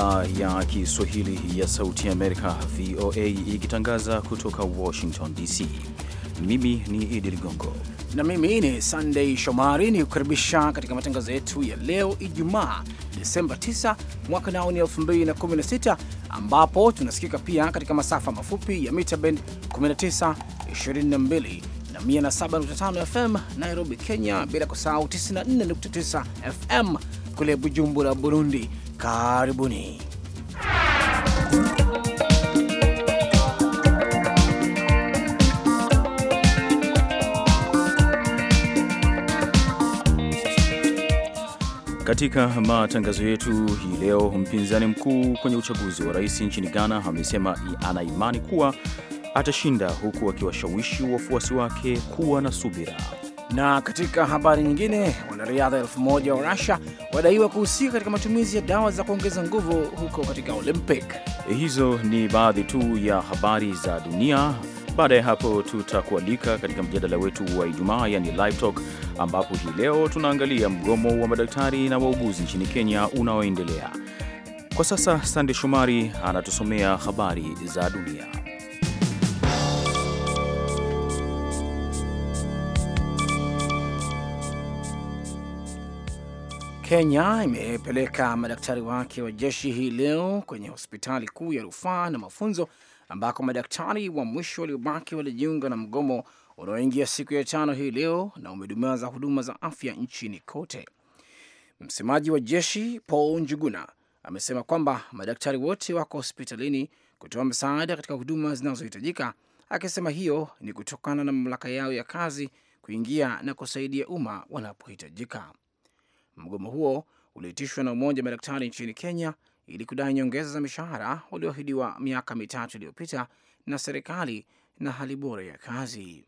idhaa ya Kiswahili ya Sauti ya Amerika, VOA, ikitangaza kutoka Washington DC. Mimi ni Idi Ligongo na mimi ni Sandei Shomari, ni kukaribisha katika matangazo yetu ya leo Ijumaa, Desemba 9 mwaka nao ni 2016, ambapo tunasikika pia katika masafa mafupi ya mita bend 19, 22 na 107.5 FM Nairobi, Kenya, bila kusahau 94.9 FM kule Bujumbura, Burundi Karibuni. Katika matangazo yetu hii leo, mpinzani mkuu kwenye uchaguzi wa rais nchini Ghana amesema ana imani kuwa atashinda, huku akiwashawishi wafuasi wake kuwa na subira. Na katika habari nyingine, wanariadha elfu moja wa Rusia wadaiwa kuhusika katika matumizi ya dawa za kuongeza nguvu huko katika Olympic. Hizo ni baadhi tu ya habari za dunia. Baada ya hapo tutakualika katika mjadala wetu wa Ijumaa, yani live talk, ambapo hii leo tunaangalia mgomo wa madaktari na wauguzi nchini Kenya unaoendelea kwa sasa. Sande Shomari anatusomea habari za dunia. Kenya imepeleka madaktari wake wa jeshi hii leo kwenye hospitali kuu ya rufaa na mafunzo ambako madaktari wa mwisho waliobaki walijiunga na mgomo unaoingia siku ya tano hii leo na umedumaza huduma za afya nchini kote. Msemaji wa jeshi Paul Njuguna amesema kwamba madaktari wote wako hospitalini kutoa msaada katika huduma zinazohitajika, akisema hiyo ni kutokana na mamlaka yao ya kazi kuingia na kusaidia umma wanapohitajika. Mgomo huo ulioitishwa na umoja wa madaktari nchini Kenya ili kudai nyongeza za mishahara walioahidiwa miaka mitatu iliyopita na serikali na hali bora ya kazi.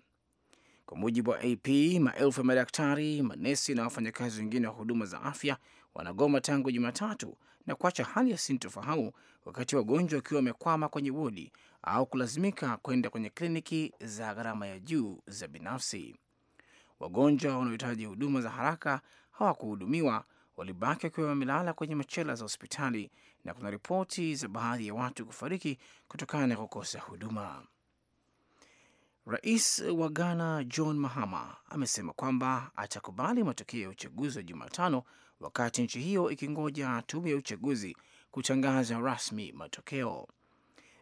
Kwa mujibu wa AP, maelfu ya madaktari, manesi na wafanyakazi wengine wa huduma za afya wanagoma tangu Jumatatu na kuacha hali ya sintofahamu, wakati wagonjwa wakiwa wamekwama kwenye wodi au kulazimika kwenda kwenye kliniki za gharama ya juu za binafsi. Wagonjwa wanaohitaji huduma za haraka hawakuhudumiwa, walibaki wakiwa wamelala kwenye machela za hospitali, na kuna ripoti za baadhi ya watu kufariki kutokana na kukosa huduma. Rais wa Ghana John Mahama amesema kwamba atakubali matokeo ya uchaguzi wa Jumatano wakati nchi hiyo ikingoja tume ya uchaguzi kutangaza rasmi matokeo.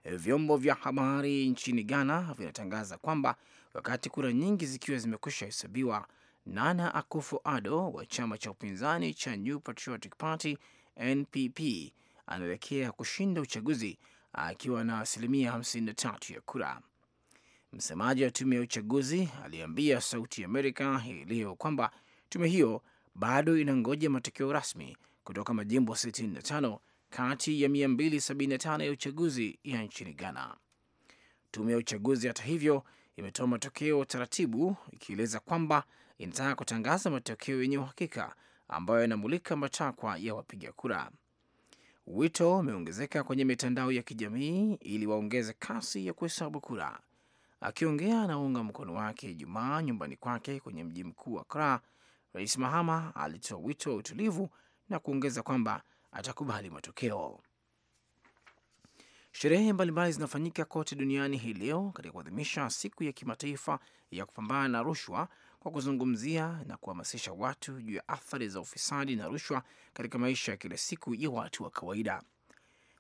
Vyombo vya habari nchini Ghana vinatangaza kwamba wakati kura nyingi zikiwa zimekwisha hesabiwa, Nana akufo ado wa chama cha upinzani cha New Patriotic Party NPP anaelekea kushinda uchaguzi akiwa na asilimia 53 ya kura. Msemaji wa tume ya uchaguzi aliambia Sauti ya Amerika hii leo kwamba tume hiyo bado inangoja matokeo rasmi kutoka majimbo 65 kati ya 275 ya uchaguzi ya nchini Ghana. Tume ya uchaguzi, hata hivyo, imetoa matokeo taratibu, ikieleza kwamba inataka kutangaza matokeo yenye uhakika ambayo yanamulika matakwa ya wapiga kura. Wito umeongezeka kwenye mitandao ya kijamii ili waongeze kasi ya kuhesabu kura. Akiongea na unga mkono wake Ijumaa nyumbani kwake kwenye mji mkuu wa Accra, Rais Mahama alitoa wito wa utulivu na kuongeza kwamba atakubali matokeo. Sherehe mbalimbali zinafanyika kote duniani hii leo katika kuadhimisha siku ya kimataifa ya kupambana na rushwa kwa kuzungumzia na kuhamasisha watu juu ya athari za ufisadi na rushwa katika maisha ya kila siku ya watu wa kawaida.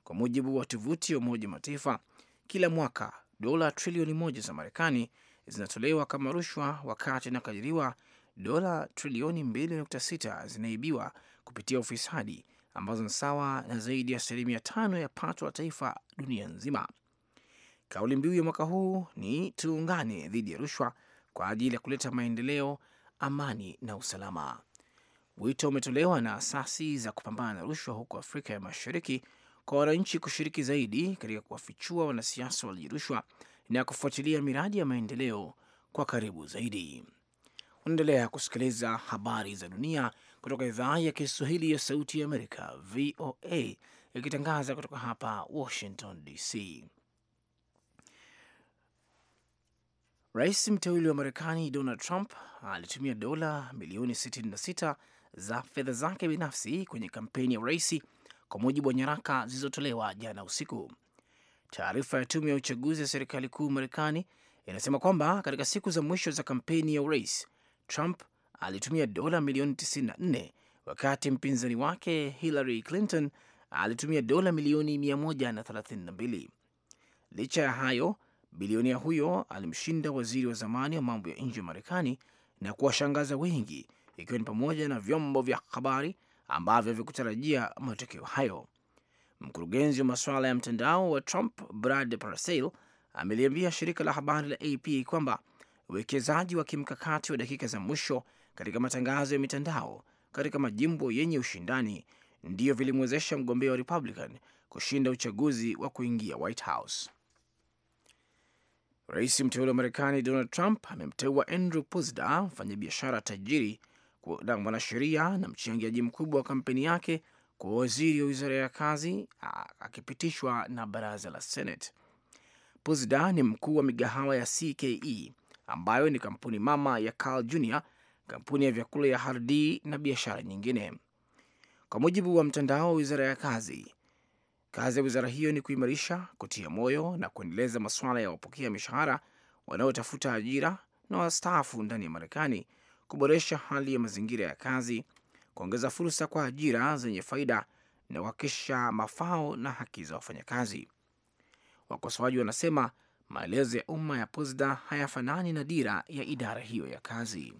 Kwa mujibu wa tovuti ya Umoja wa Mataifa, kila mwaka dola trilioni moja za Marekani zinatolewa kama rushwa, wakati inakadiriwa dola trilioni 2.6 zinaibiwa kupitia ufisadi, ambazo ni sawa na zaidi ya asilimia tano ya pato la taifa dunia nzima. Kauli mbiu ya mwaka huu ni tuungane dhidi ya rushwa kwa ajili ya kuleta maendeleo, amani na usalama. Wito umetolewa na asasi za kupambana na rushwa huko Afrika ya Mashariki kwa wananchi kushiriki zaidi katika kuwafichua wanasiasa walirushwa na kufuatilia miradi ya maendeleo kwa karibu zaidi. Unaendelea kusikiliza habari za dunia kutoka idhaa ya Kiswahili ya Sauti ya Amerika, VOA, ikitangaza kutoka hapa Washington DC. Rais mteuli wa Marekani Donald Trump alitumia dola milioni 66 za fedha zake binafsi kwenye kampeni ya uraisi, kwa mujibu wa nyaraka zilizotolewa jana usiku. Taarifa ya tume ya uchaguzi ya serikali kuu Marekani inasema kwamba katika siku za mwisho za kampeni ya urais Trump alitumia dola milioni 94 wakati mpinzani wake Hillary Clinton alitumia dola milioni 132. Licha ya hayo Bilionea huyo alimshinda waziri wa zamani wa mambo ya nje wa Marekani na kuwashangaza wengi, ikiwa ni pamoja na vyombo vya habari ambavyo havikutarajia matokeo hayo. Mkurugenzi wa masuala ya mtandao wa Trump Brad Parscale ameliambia shirika la habari la AP kwamba uwekezaji wa kimkakati wa dakika za mwisho katika matangazo ya mitandao katika majimbo yenye ushindani ndiyo vilimwezesha mgombea wa Republican kushinda uchaguzi wa kuingia White House. Rais mteule wa Marekani Donald Trump amemteua Andrew Pusda, mfanyabiashara tajiri na mwanasheria na mchangiaji mkubwa wa kampeni yake, kwa waziri wa wizara ya kazi, akipitishwa na baraza la Senate. Pusda ni mkuu wa migahawa ya CKE ambayo ni kampuni mama ya Carl Jr, kampuni ya vyakula ya Hardi na biashara nyingine. Kwa mujibu wa mtandao wa wizara ya kazi, Kazi ya wizara hiyo ni kuimarisha, kutia moyo na kuendeleza masuala ya wapokea mishahara, wanaotafuta ajira na wastaafu ndani ya Marekani, kuboresha hali ya mazingira ya kazi, kuongeza fursa kwa ajira zenye faida na kuhakikisha mafao na haki za wafanyakazi. Wakosoaji wanasema maelezo ya umma ya POSDA hayafanani na dira ya idara hiyo ya kazi.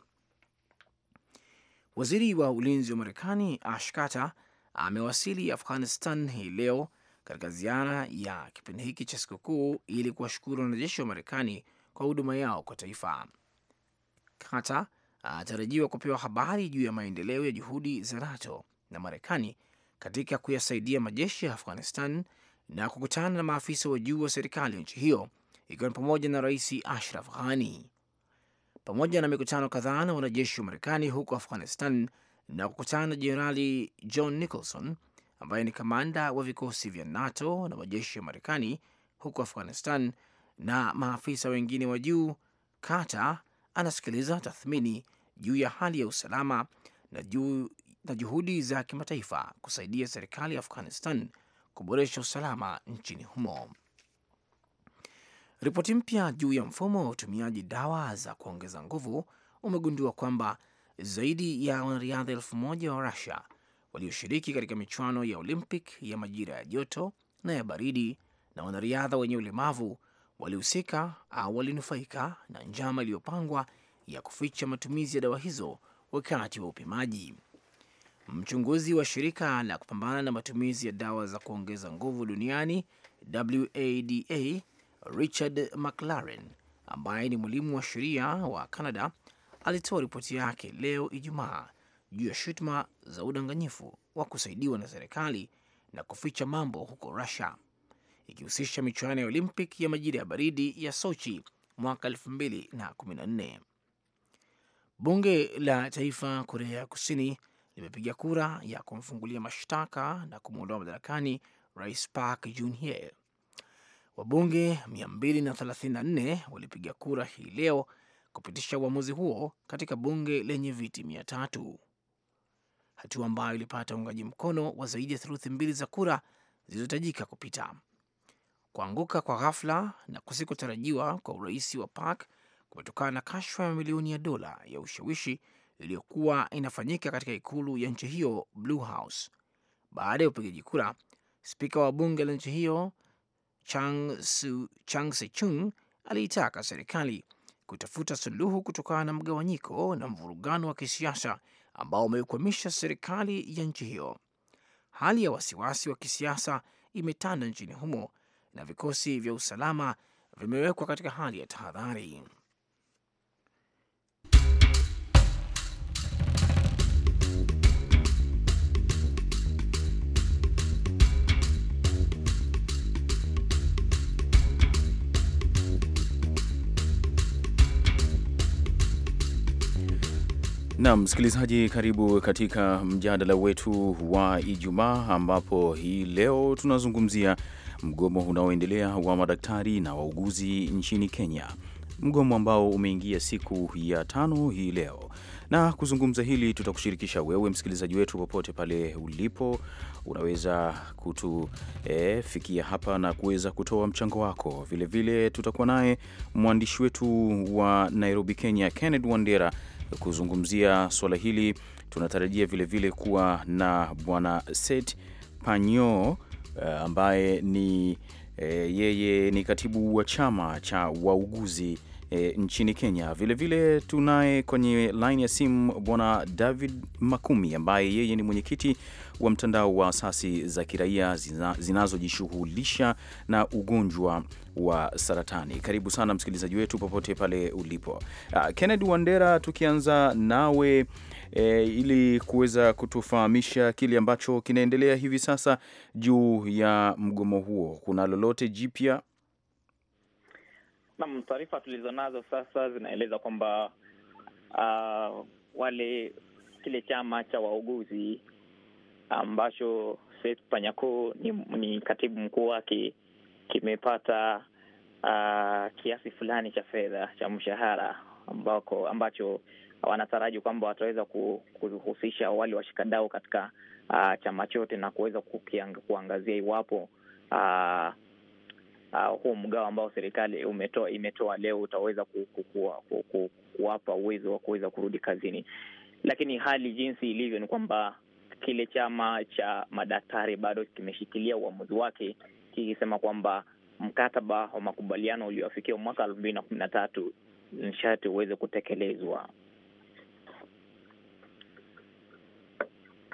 Waziri wa ulinzi wa Marekani Ash Carter amewasili Afghanistan hii leo katika ziara ya kipindi hiki cha sikukuu ili kuwashukuru wanajeshi wa Marekani kwa huduma yao kwa taifa. kata anatarajiwa ah, kupewa habari juu ya maendeleo ya juhudi za NATO na Marekani katika kuyasaidia majeshi ya Afghanistan na kukutana na maafisa wa juu wa serikali ya nchi hiyo ikiwa ni pamoja na Rais Ashraf Ghani pamoja na mikutano kadhaa na wanajeshi wa Marekani huko Afghanistan na kukutana na Jenerali John Nicholson ambaye ni kamanda wa vikosi vya NATO na majeshi ya Marekani huko Afghanistan na maafisa wengine wa juu. Kata anasikiliza tathmini juu ya hali ya usalama na, juu, na juhudi za kimataifa kusaidia serikali ya Afghanistan kuboresha usalama nchini humo. Ripoti mpya juu ya mfumo wa utumiaji dawa za kuongeza nguvu umegundua kwamba zaidi ya wanariadha elfu moja wa Rusia walioshiriki katika michuano ya Olympic ya majira ya joto na ya baridi na wanariadha wenye ulemavu walihusika au walinufaika na njama iliyopangwa ya kuficha matumizi ya dawa hizo wakati wa upimaji. Mchunguzi wa shirika la kupambana na matumizi ya dawa za kuongeza nguvu duniani WADA Richard McLaren ambaye ni mwalimu wa sheria wa Canada alitoa ripoti yake leo Ijumaa juu ya shutuma za udanganyifu wa kusaidiwa na serikali na kuficha mambo huko Russia, ikihusisha michuano ya Olympic ya majira ya baridi ya Sochi mwaka 2014. Bunge la Taifa Korea ya Kusini limepiga kura ya kumfungulia mashtaka na kumwondoa madarakani Rais Park Geun-hye. Wabunge 234 walipiga kura hii leo kupitisha uamuzi huo katika bunge lenye viti mia tatu hatua ambayo ilipata uungaji mkono wa zaidi ya theluthi mbili za kura zilizohitajika kupita. Kuanguka kwa ghafla na kusikotarajiwa kwa urais wa Park kumetokana na kashfa ya mamilioni ya dola ya ushawishi iliyokuwa inafanyika katika ikulu ya nchi hiyo Blue House. Baada ya upigaji kura, spika wa bunge la nchi hiyo Chang Sechung aliitaka serikali kutafuta suluhu kutokana na mgawanyiko na mvurugano wa kisiasa ambao umeikwamisha serikali ya nchi hiyo. Hali ya wasiwasi wa kisiasa imetanda nchini humo na vikosi vya usalama vimewekwa katika hali ya tahadhari. Na msikilizaji, karibu katika mjadala wetu wa Ijumaa ambapo hii leo tunazungumzia mgomo unaoendelea wa madaktari na wauguzi nchini Kenya, mgomo ambao umeingia siku ya tano hii leo. Na kuzungumza hili, tutakushirikisha wewe msikilizaji wetu popote pale ulipo, unaweza kutufikia e, hapa na kuweza kutoa mchango wako. Vilevile tutakuwa naye mwandishi wetu wa Nairobi, Kenya, Kenneth Wandera kuzungumzia suala hili. Tunatarajia vilevile vile kuwa na bwana Set Panyo eh, ambaye ni e, yeye ni katibu wa chama cha wauguzi e, nchini Kenya. Vilevile tunaye kwenye lini ya simu bwana David Makumi ambaye yeye ni mwenyekiti wa mtandao wa asasi za kiraia zinazojishughulisha na ugonjwa wa saratani. Karibu sana msikilizaji wetu popote pale ulipo. Ah, Kennedy Wandera, tukianza nawe e, ili kuweza kutufahamisha kile ambacho kinaendelea hivi sasa juu ya mgomo huo, kuna lolote jipya? Naam, taarifa tulizonazo sasa zinaeleza kwamba uh, wale kile chama cha wauguzi ambacho Seth Panyako ni, ni katibu mkuu wake kimepata uh, kiasi fulani cha fedha cha mshahara ambako ambacho wanataraji kwamba wataweza kuhusisha wale washikadau katika uh, chama chote na kuweza kuangazia iwapo uh, uh, huu mgao ambao serikali umetoa imetoa leo utaweza kuwapa uwezo wa kuweza kurudi kazini. Lakini hali jinsi ilivyo ni kwamba kile chama cha madaktari bado kimeshikilia uamuzi wake kikisema kwamba mkataba wa makubaliano ulioafikiwa mwaka elfu mbili na kumi na tatu nishati uweze kutekelezwa.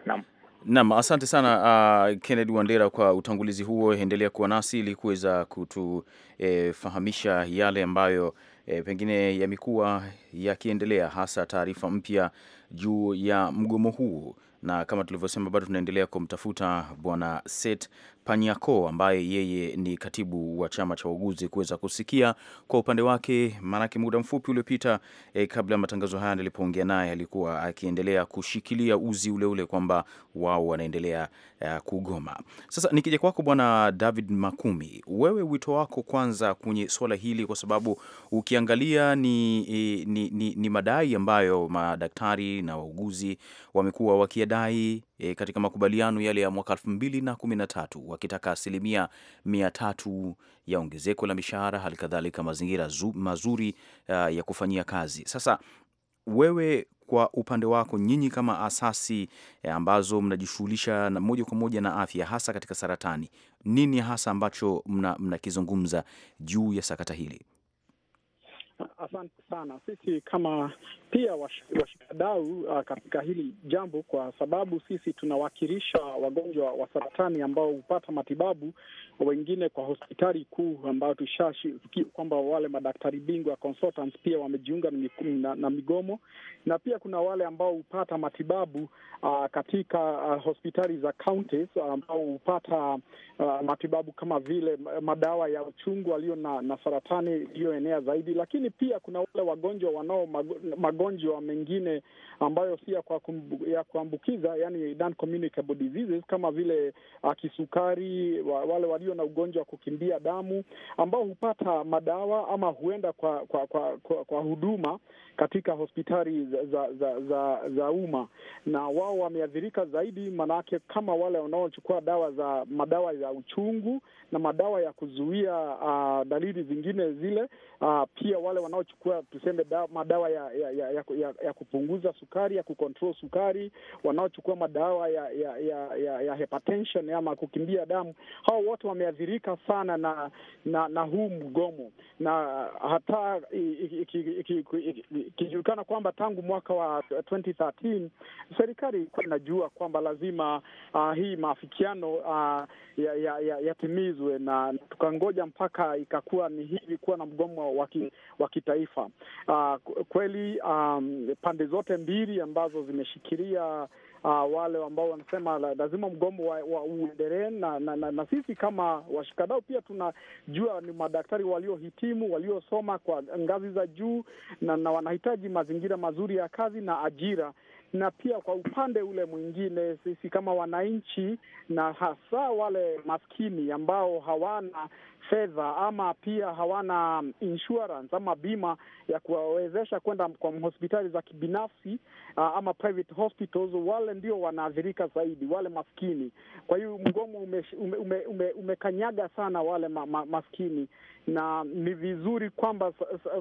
Naam. Nam, asante sana uh, Kennedy Wandera kwa utangulizi huo. Endelea kuwa nasi ili kuweza kutufahamisha eh, yale ambayo eh, pengine yamekuwa yakiendelea, hasa taarifa mpya juu ya mgomo huu na kama tulivyosema, bado tunaendelea kumtafuta bwana Seth Panyako ambaye yeye ni katibu wa chama cha wauguzi kuweza kusikia kwa upande wake, maanake muda mfupi uliopita e, kabla ya matangazo haya nilipoongea naye alikuwa akiendelea kushikilia uzi uleule ule kwamba wao wanaendelea e, kugoma. Sasa nikija kwako Bwana David Makumi, wewe wito wako kwanza kwenye swala hili, kwa sababu ukiangalia ni, eh, ni, ni, ni madai ambayo madaktari na wauguzi wamekuwa wakiadai e, katika makubaliano yale ya mwaka 2013 wakitaka asilimia mia tatu ya ongezeko la mishahara, hali kadhalika mazingira mazuri uh, ya kufanyia kazi. Sasa wewe kwa upande wako nyinyi kama asasi e, ambazo mnajishughulisha na moja kwa moja na afya hasa katika saratani, nini hasa ambacho mnakizungumza mna juu ya sakata hili? Asante sana. Sisi kama pia washikadau uh, katika hili jambo, kwa sababu sisi tunawakilisha wagonjwa wa saratani ambao hupata matibabu wengine kwa hospitali kuu, ambao tushashi kwamba wale madaktari bingwa consultants pia wamejiunga na, na migomo, na pia kuna wale ambao hupata matibabu uh, katika uh, hospitali za counties uh, ambao hupata uh, matibabu kama vile madawa ya uchungu walio na, na saratani iliyoenea zaidi, lakini pia kuna wale wagonjwa wanao magonjwa magonjwa mengine ambayo si ya kuambukiza, yani non-communicable diseases, kama vile ah, kisukari, wale walio na ugonjwa wa kukimbia damu ambao hupata madawa ama huenda kwa, kwa, kwa, kwa, kwa huduma katika hospitali za za, za, za, za umma, na wao wameathirika zaidi, maanake kama wale wanaochukua dawa za madawa ya uchungu na madawa ya kuzuia uh, dalili zingine zile uh, pia wale wanaochukua tuseme da, madawa ya, ya, ya, ya, ya, ya kupunguza sukari ya kucontrol sukari, wanaochukua madawa ya, ya, ya, ya, ya hypertension ama kukimbia damu, hao wote wameathirika sana na, na, na huu mgomo na hata ikijulikana kwamba tangu mwaka wa 2013 serikali ilikuwa inajua kwamba lazima uh, hii maafikiano uh, ah, yatimizwe ya, ya, ya na tukangoja mpaka ikakuwa ni hivi kuwa na mgomo wa kitaifa. Uh, kweli um, pande zote mbili ambazo zimeshikilia uh, wale ambao wanasema lazima mgomo wa, wa uendelee na, na, na, na sisi kama washikadau pia tunajua ni madaktari waliohitimu waliosoma kwa ngazi za juu na, na wanahitaji mazingira mazuri ya kazi na ajira na pia kwa upande ule mwingine, sisi kama wananchi na hasa wale maskini ambao hawana fedha ama pia hawana insurance ama bima ya kuwawezesha kwenda kwa hospitali za kibinafsi ama private hospitals, wale ndio wanaathirika zaidi, wale maskini. Kwa hiyo mgomo umekanyaga ume, ume, ume sana wale ma, ma, maskini, na ni vizuri kwamba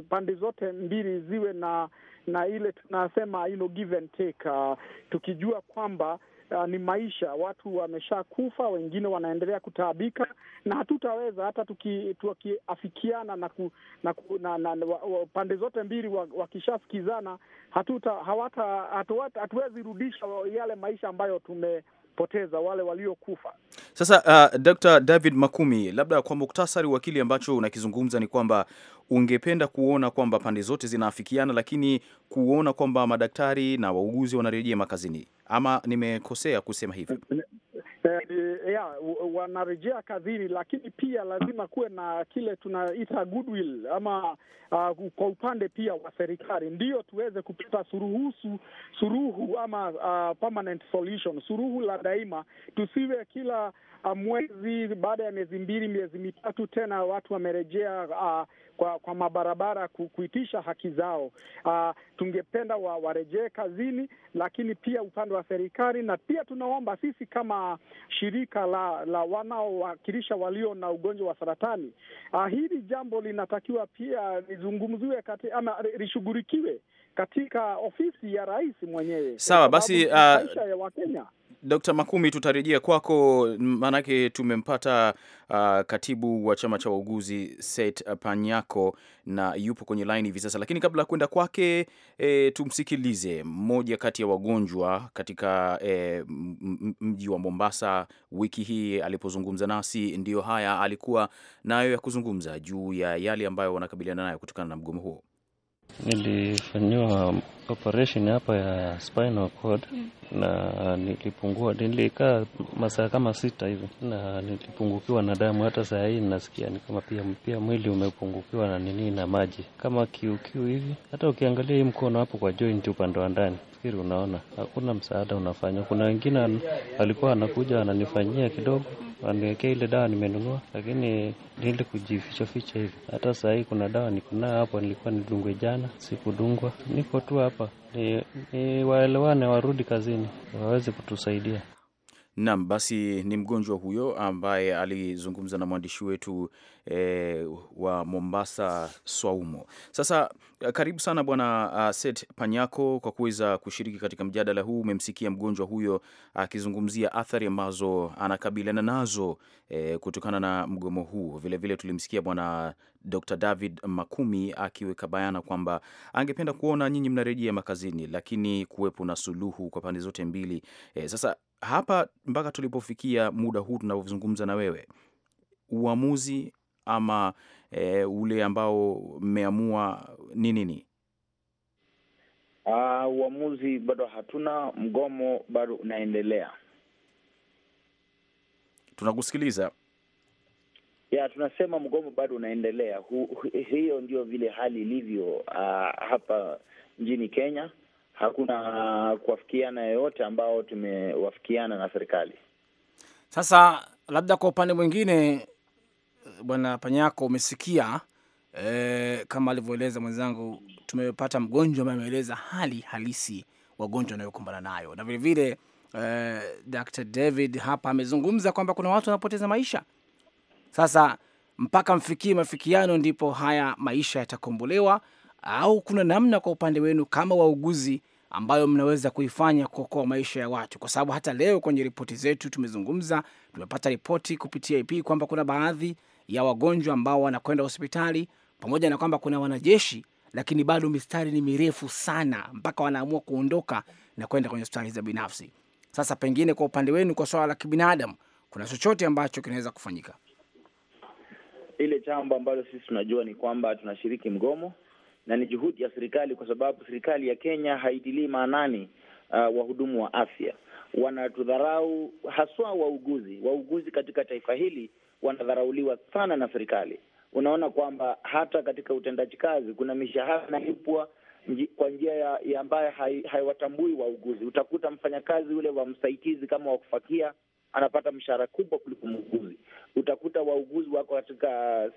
pande zote mbili ziwe na na ile tunasema hilo give and take uh, tukijua kwamba Uh, ni maisha, watu wameshakufa, wengine wanaendelea kutaabika, na hatutaweza hata tuki, tukiafikiana na, ku, na, ku, na, na, na pande zote mbili wakishasikizana, hatuta hawata hatuwezi hatu, rudisha yale maisha ambayo tumepoteza wale waliokufa. Sasa uh, Dr. David Makumi, labda kwa muktasari wa kile ambacho unakizungumza ni kwamba ungependa kuona kwamba pande zote zinaafikiana, lakini kuona kwamba madaktari na wauguzi wanarejea makazini, ama nimekosea kusema hivyo? Eh, eh, eh, ya, wanarejea kazini, lakini pia lazima kuwe na kile tunaita goodwill ama uh, kwa upande pia wa serikali ndio tuweze kupata suruhusu suruhu ama uh, permanent solution, suruhu la daima. Tusiwe kila ah, mwezi baada ya miezi mbili miezi mitatu tena watu wamerejea uh, kwa, kwa mabarabara kuitisha haki zao. Uh, tungependa wa, warejee kazini, lakini pia upande wa serikali na pia tunaomba sisi kama shirika la, la wanaowakilisha walio na ugonjwa wa saratani uh, hili jambo linatakiwa pia lizungumziwe kati ama lishughulikiwe katika ofisi ya rais mwenyewe. Sawa basi, uh, ya Wakenya. Dkt. Makumi, tutarejea kwako, maanake tumempata uh, katibu wa chama cha wauguzi Set Panyako na yupo kwenye laini hivi sasa, lakini kabla ya kwenda kwake e, tumsikilize mmoja kati ya wagonjwa katika e, mji wa Mombasa wiki hii alipozungumza nasi, ndiyo haya alikuwa nayo ya kuzungumza juu ya yale ambayo wanakabiliana nayo kutokana na mgomo huo. Nilifanyiwa operation hapa ya spinal cord mm. na nilipungua, nilikaa masaa kama sita hivi na nilipungukiwa na damu. Hata saa hii nasikia ni kama pia pia mwili umepungukiwa na nini na maji kama kiukiu hivi. Hata ukiangalia hii mkono hapo kwa joint upande wa ndani, fikiri unaona hakuna msaada unafanywa. Kuna wengine alikuwa anakuja ananifanyia kidogo mm waniwekea ile dawa nimenunua, lakini nili kujificha ficha hivi. Hata saa hii kuna dawa niko nayo hapo, nilikuwa nidungwe jana, sikudungwa. Niko tu hapa ni, ni waelewane, warudi kazini waweze kutusaidia. Naam, basi ni mgonjwa huyo ambaye alizungumza na mwandishi wetu e, wa Mombasa Swaumo. Sasa karibu sana bwana uh, Seth Panyako kwa kuweza kushiriki katika mjadala huu. Umemsikia mgonjwa huyo akizungumzia uh, athari ambazo anakabiliana nazo e, kutokana na mgomo huu. Vilevile tulimsikia bwana Dr. David Makumi akiweka bayana kwamba angependa kuona nyinyi mnarejea makazini, lakini kuwepo na suluhu kwa pande zote mbili. E, sasa hapa mpaka tulipofikia muda huu tunavyozungumza na wewe, uamuzi ama e, ule ambao mmeamua ni nini? Uh, uamuzi bado hatuna, mgomo bado unaendelea. Tunakusikiliza. Ya, tunasema mgomo bado unaendelea. Hiyo ndio vile hali ilivyo uh, hapa nchini Kenya hakuna kuwafikiana yoyote ambao tumewafikiana na serikali. Sasa labda kwa upande mwingine, bwana Panyako, umesikia e, kama alivyoeleza mwenzangu, tumepata mgonjwa ambaye ameeleza hali halisi wagonjwa wanayokumbana nayo, na vilevile e, eh, Dr. David hapa amezungumza kwamba kuna watu wanapoteza maisha. Sasa mpaka mfikie mafikiano ndipo haya maisha yatakombolewa au kuna namna kwa upande wenu kama wauguzi ambayo mnaweza kuifanya kuokoa maisha ya watu? Kwa sababu hata leo kwenye ripoti zetu tumezungumza, tumepata ripoti kupitia IP kwamba kuna baadhi ya wagonjwa ambao wanakwenda hospitali pamoja na kwamba kuna wanajeshi, lakini bado mistari ni mirefu sana mpaka wanaamua kuondoka na kwenda kwenye hospitali za binafsi. Sasa pengine kwa upande wenu, kwa swala la kibinadamu, kuna chochote ambacho kinaweza kufanyika? Ile jambo ambalo sisi tunajua ni kwamba tunashiriki mgomo na ni juhudi ya serikali, kwa sababu serikali ya Kenya haitilii maanani uh, wahudumu wa afya. Wanatudharau haswa wauguzi. Wauguzi katika taifa hili wanadharauliwa sana na serikali. Unaona kwamba hata katika utendaji kazi kuna mishahara inalipwa kwa njia ya, ya ambayo haiwatambui hai wauguzi. Utakuta mfanyakazi ule wa msaidizi kama wa kufakia anapata mshahara kubwa kuliko muuguzi. Utakuta wauguzi wako katika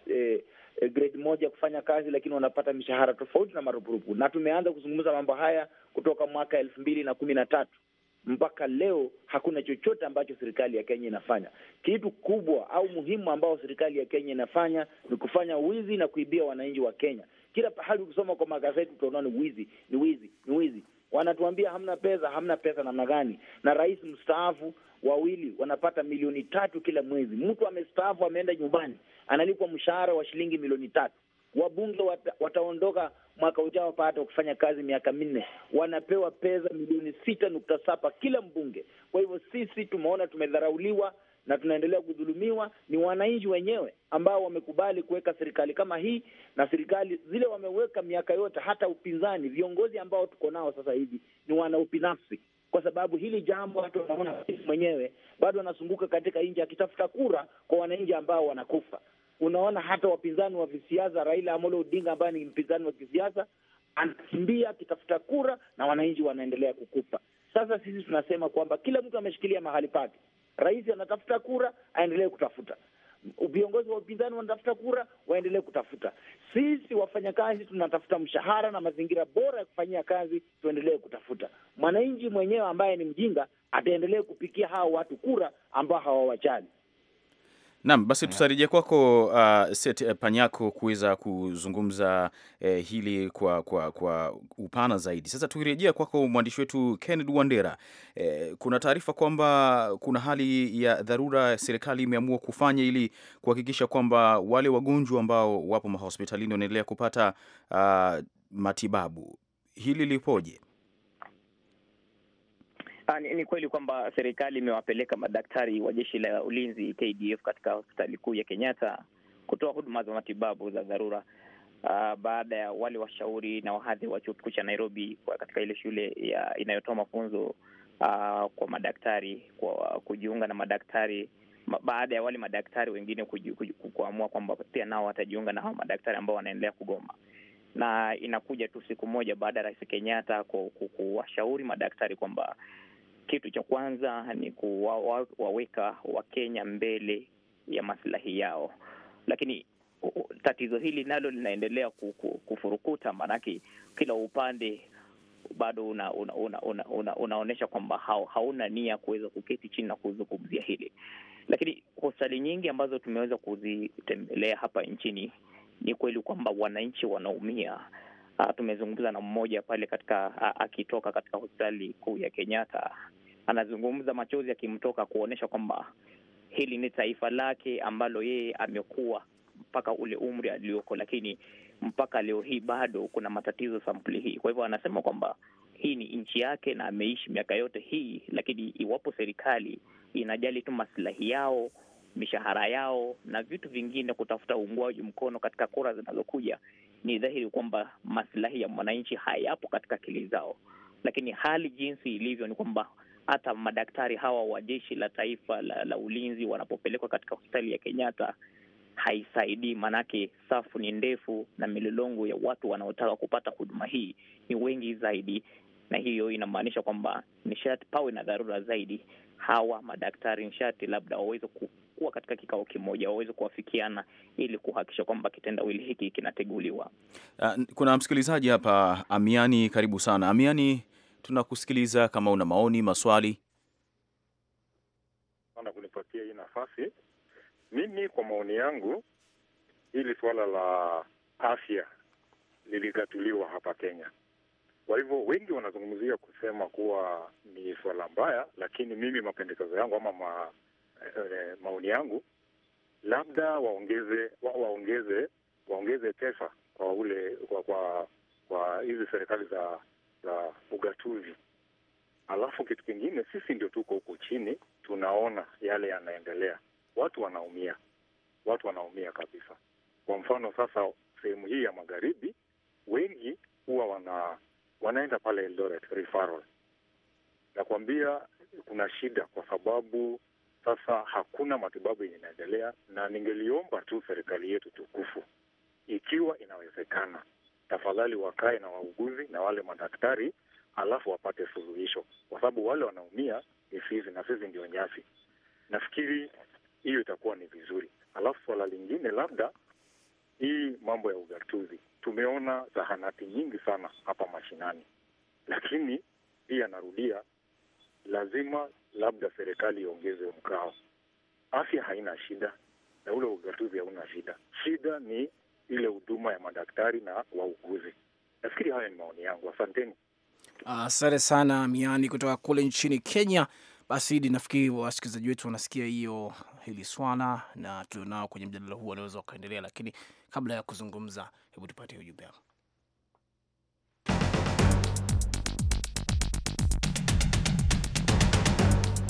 eh, eh, grade moja kufanya kazi, lakini wanapata mishahara tofauti na marupurupu. Na tumeanza kuzungumza mambo haya kutoka mwaka elfu mbili na kumi na tatu mpaka leo hakuna chochote ambacho serikali ya Kenya inafanya. Kitu kubwa au muhimu ambao serikali ya Kenya inafanya ni kufanya wizi na kuibia wananchi wa Kenya. Kila pahali ukisoma kwa magazeti utaona ni wizi, ni wizi, ni wizi wanatuambia hamna pesa, hamna pesa namna gani? Na rais mstaafu wawili wanapata milioni tatu kila mwezi. Mtu amestaafu ameenda nyumbani, analipwa mshahara wa shilingi milioni tatu. Wabunge wata, wataondoka mwaka ujao baada ya kufanya kazi miaka minne, wanapewa pesa milioni sita nukta saba kila mbunge. Kwa hivyo sisi tumeona tumedharauliwa na tunaendelea kudhulumiwa ni wananchi wenyewe ambao wamekubali kuweka serikali kama hii, na serikali zile wameweka miaka yote, hata upinzani, viongozi ambao tuko nao sasa hivi ni wana ubinafsi, kwa sababu hili jambo watu wanaona mwenyewe bado wanazunguka katika nji akitafuta kura kwa wananchi ambao wanakufa. Unaona hata wapinzani wa visiasa, Raila Amolo Odinga ambaye ni mpinzani wa kisiasa anakimbia akitafuta kura na wananchi wanaendelea kukufa. Sasa sisi tunasema kwamba kila mtu ameshikilia mahali pake, Rais anatafuta kura, aendelee kutafuta. Viongozi wa upinzani wanatafuta kura, waendelee kutafuta. Sisi wafanyakazi tunatafuta mshahara na mazingira bora ya kufanyia kazi, tuendelee kutafuta. Mwananchi mwenyewe ambaye ni mjinga ataendelee kupikia hawa watu kura ambao hawawachani. Naam, basi tutarejea kwako uh, Seth eh, Panyako kuweza kuzungumza eh, hili kwa, kwa, kwa upana zaidi. Sasa tukirejea kwako mwandishi wetu Kenneth Wandera, eh, kuna taarifa kwamba kuna hali ya dharura serikali imeamua kufanya ili kuhakikisha kwamba wale wagonjwa ambao wapo mahospitalini wanaendelea kupata uh, matibabu. Hili lipoje? Ah, ni, ni kweli kwamba serikali imewapeleka madaktari wa jeshi la ulinzi KDF katika hospitali kuu ya Kenyatta kutoa huduma za matibabu za dharura uh, baada ya wale washauri na wahadhi wa chuo kikuu cha Nairobi kwa katika ile shule ya inayotoa mafunzo uh, kwa madaktari kwa kujiunga na madaktari baada ya wale madaktari wengine kuamua kwamba pia nao watajiunga na hao madaktari ambao wanaendelea kugoma na inakuja tu siku moja baada ya Rais Kenyatta kuwashauri madaktari kwamba kitu cha kwanza ni kuwaweka Wakenya mbele ya maslahi yao, lakini tatizo hili nalo linaendelea kufurukuta, maanake kila upande bado una, una, una, una, una, unaonyesha kwamba hauna nia kuweza kuketi chini na kuzungumzia hili. Lakini hospitali nyingi ambazo tumeweza kuzitembelea hapa nchini, ni kweli kwamba wananchi wanaumia. Ah, tumezungumza na mmoja pale katika akitoka katika hospitali kuu ya Kenyatta anazungumza machozi akimtoka, kuonyesha kwamba hili ni taifa lake ambalo yeye amekuwa mpaka ule umri alioko, lakini mpaka leo hii bado kuna matatizo sampuli hii. Kwa hivyo anasema kwamba hii ni nchi yake na ameishi miaka yote hii, lakini iwapo serikali inajali tu masilahi yao, mishahara yao na vitu vingine, kutafuta uungwaji mkono katika kura zinazokuja, ni dhahiri kwamba masilahi ya mwananchi hayapo katika akili zao. Lakini hali jinsi ilivyo ni kwamba hata madaktari hawa wa jeshi la taifa la, la ulinzi wanapopelekwa katika hospitali ya Kenyatta haisaidii, maanake safu ni ndefu na milolongo ya watu wanaotaka kupata huduma hii ni wengi zaidi, na hiyo inamaanisha kwamba nishati pawe na dharura zaidi. Hawa madaktari nishati labda waweze kuwa katika kikao kimoja, waweze kuwafikiana ili kuhakikisha kwamba kitendawili hiki kinateguliwa. Uh, kuna msikilizaji hapa Amiani, karibu sana Amiani tunakusikiliza kama una maoni, maswali Sana kunipatia hii nafasi. Mimi kwa maoni yangu, hili suala la afya liligatuliwa hapa Kenya. Kwa hivyo wengi wanazungumzia kusema kuwa ni swala mbaya, lakini mimi mapendekezo yangu ama ma, e, maoni yangu labda waongeze wa, waongeze waongeze pesa kwa ule kwa kwa hizi serikali za za ugatuzi. Alafu kitu kingine, sisi ndio tuko huko chini, tunaona yale yanaendelea, watu wanaumia, watu wanaumia kabisa. Kwa mfano sasa, sehemu hii ya magharibi wengi huwa wana wanaenda pale Eldoret referral. Nakwambia kuna shida, kwa sababu sasa hakuna matibabu yenye inaendelea, na ningeliomba tu serikali yetu tukufu, ikiwa inawezekana tafadhali wakae na wauguzi na wale madaktari, alafu wapate suluhisho, kwa sababu wale wanaumia ni sisi na sisi ndio nyasi. Nafikiri hiyo itakuwa ni vizuri. Alafu swala lingine, labda hii mambo ya ugatuzi, tumeona zahanati nyingi sana hapa mashinani, lakini pia narudia, lazima labda serikali iongeze mkao. Afya haina shida na ule ugatuzi hauna shida. Shida ni ile huduma ya madaktari na wauguzi. Nafikiri hayo ni maoni yangu, asanteni. Asante sana Miani kutoka kule nchini Kenya. Basi Idi, nafikiri wasikilizaji wetu wanasikia hiyo hili swala na tulionao kwenye mjadala huu, wanaweza wakaendelea, lakini kabla ya kuzungumza, hebu tupate ujumbe wako.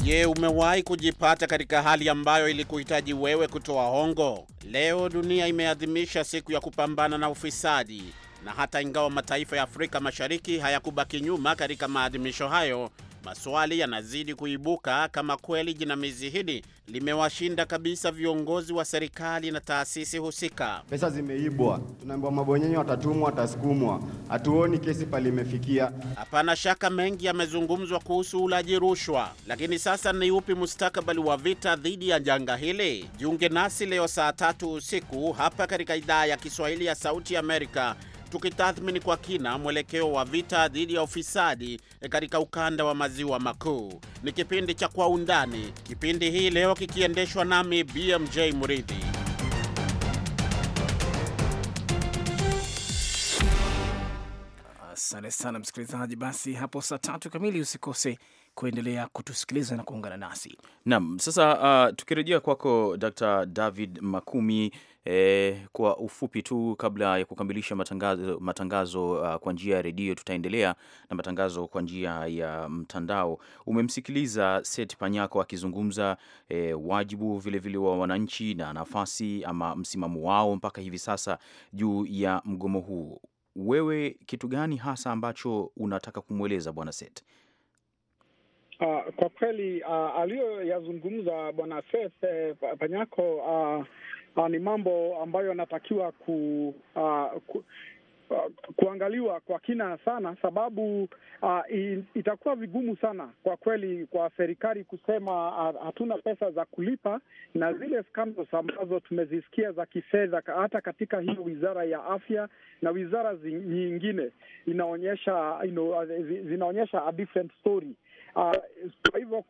Je, umewahi kujipata katika hali ambayo ilikuhitaji wewe kutoa hongo? Leo dunia imeadhimisha siku ya kupambana na ufisadi, na hata ingawa mataifa ya Afrika Mashariki hayakubaki nyuma katika maadhimisho hayo, Maswali yanazidi kuibuka kama kweli jinamizi hili limewashinda kabisa viongozi wa serikali na taasisi husika. Pesa zimeibwa, tunaambiwa mabonyenye watatumwa, watasukumwa, hatuoni kesi palimefikia. Hapana shaka mengi yamezungumzwa kuhusu ulaji rushwa, lakini sasa ni upi mustakabali wa vita dhidi ya janga hili? Jiunge nasi leo saa tatu usiku hapa katika idhaa ya Kiswahili ya Sauti Amerika tukitathmini kwa kina mwelekeo wa vita dhidi ya ufisadi e, katika ukanda wa maziwa makuu. Ni kipindi cha Kwa Undani, kipindi hii leo kikiendeshwa nami BMJ Muridhi. Asante sana msikilizaji. Basi hapo saa tatu kamili usikose kuendelea kutusikiliza na kuungana nasi nam. Sasa uh, tukirejea kwako Dr David Makumi, E, kwa ufupi tu kabla ya kukamilisha matangazo, matangazo uh, kwa njia ya redio, tutaendelea na matangazo kwa njia ya mtandao. Umemsikiliza Seth Panyako akizungumza e, wajibu vilevile wa wananchi na nafasi ama msimamo wao mpaka hivi sasa juu ya mgomo huu. Wewe kitu gani hasa ambacho unataka kumweleza bwana Seth? Uh, kwa kweli uh, aliyoyazungumza bwana Seth eh, Panyako uh, uh, ni mambo ambayo yanatakiwa ku, uh, ku Uh, kuangaliwa kwa kina sana sababu uh, itakuwa vigumu sana kwa kweli kwa serikali kusema uh, hatuna pesa za kulipa, na zile scandals ambazo tumezisikia za kifedha hata katika hiyo wizara ya afya na wizara nyingine inaonyesha you know, zinaonyesha a different story kwa hivyo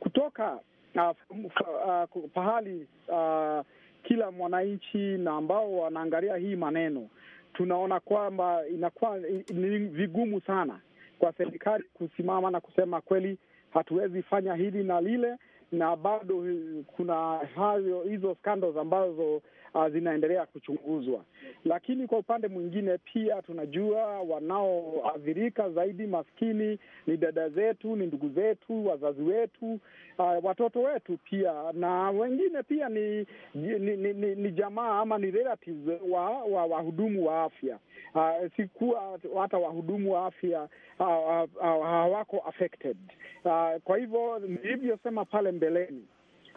kutoka uh, pahali uh, kila mwananchi na ambao wanaangalia hii maneno, tunaona kwamba inakuwa ni vigumu sana kwa serikali kusimama na kusema kweli, hatuwezi fanya hili na lile, na bado kuna hayo hizo skandals ambazo uh, zinaendelea kuchunguzwa. Lakini kwa upande mwingine pia tunajua wanaoathirika zaidi maskini ni dada zetu, ni ndugu zetu, wazazi wetu, uh, watoto wetu pia, na wengine pia ni ni, ni, ni, ni jamaa ama ni relatives wa wa wahudumu wa afya uh, sikuwa hata wahudumu wa afya hawako uh, uh, uh, affected uh, kwa hivyo nilivyosema pale mbeleni,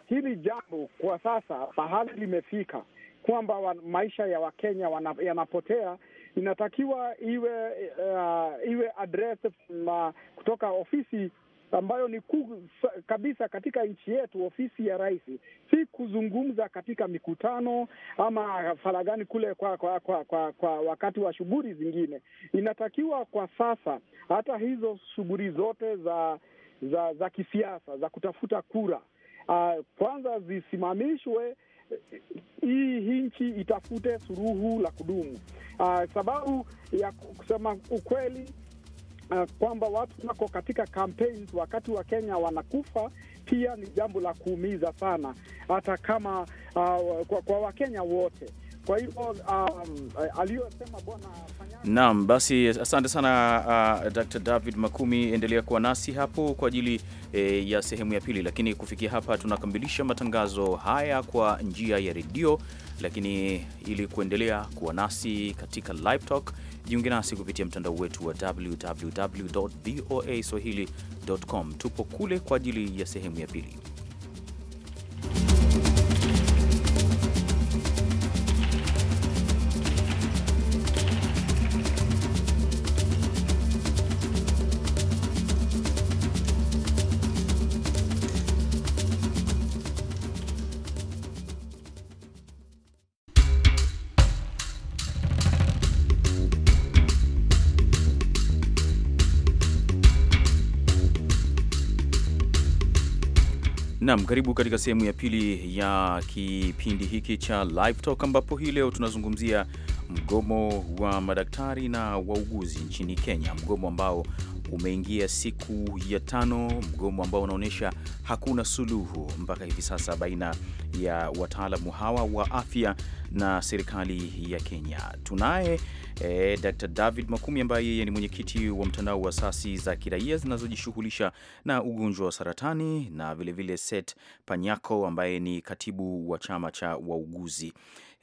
hili jambo kwa sasa pahali limefika kwamba wa, maisha ya Wakenya yanapotea inatakiwa iwe uh, iwe address uh, kutoka ofisi ambayo ni kuu kabisa katika nchi yetu, ofisi ya rais, si kuzungumza katika mikutano ama faragani kule kwa kwa, kwa, kwa kwa wakati wa shughuli zingine. Inatakiwa kwa sasa, hata hizo shughuli zote za za za kisiasa za kutafuta kura uh, kwanza zisimamishwe hii nchi itafute suluhu la kudumu. Uh, sababu ya kusema ukweli uh, kwamba watu wako katika campaigns wakati wa Kenya wanakufa pia ni jambo la kuumiza sana, hata kama uh, kwa, kwa Wakenya wote kwa hivyo um, aliyosema bwana Naam, basi asante sana uh, Dr. David Makumi, endelea kuwa nasi hapo kwa ajili eh, ya sehemu ya pili. Lakini kufikia hapa tunakamilisha matangazo haya kwa njia ya redio, lakini ili kuendelea kuwa nasi katika live talk, jiunge nasi kupitia mtandao wetu wa www.voaswahili.com. Tupo kule kwa ajili ya sehemu ya pili. Naam, karibu katika sehemu ya pili ya kipindi hiki cha Live Talk ambapo hii leo tunazungumzia mgomo wa madaktari na wauguzi nchini Kenya, mgomo ambao umeingia siku ya tano, mgomo ambao unaonyesha hakuna suluhu mpaka hivi sasa baina ya wataalamu hawa wa afya na serikali ya Kenya. Tunaye e, Dr. David Makumi ambaye yeye ni mwenyekiti wa mtandao wa asasi za kiraia zinazojishughulisha na ugonjwa wa saratani na vilevile vile Set Panyako ambaye ni katibu wa chama cha wauguzi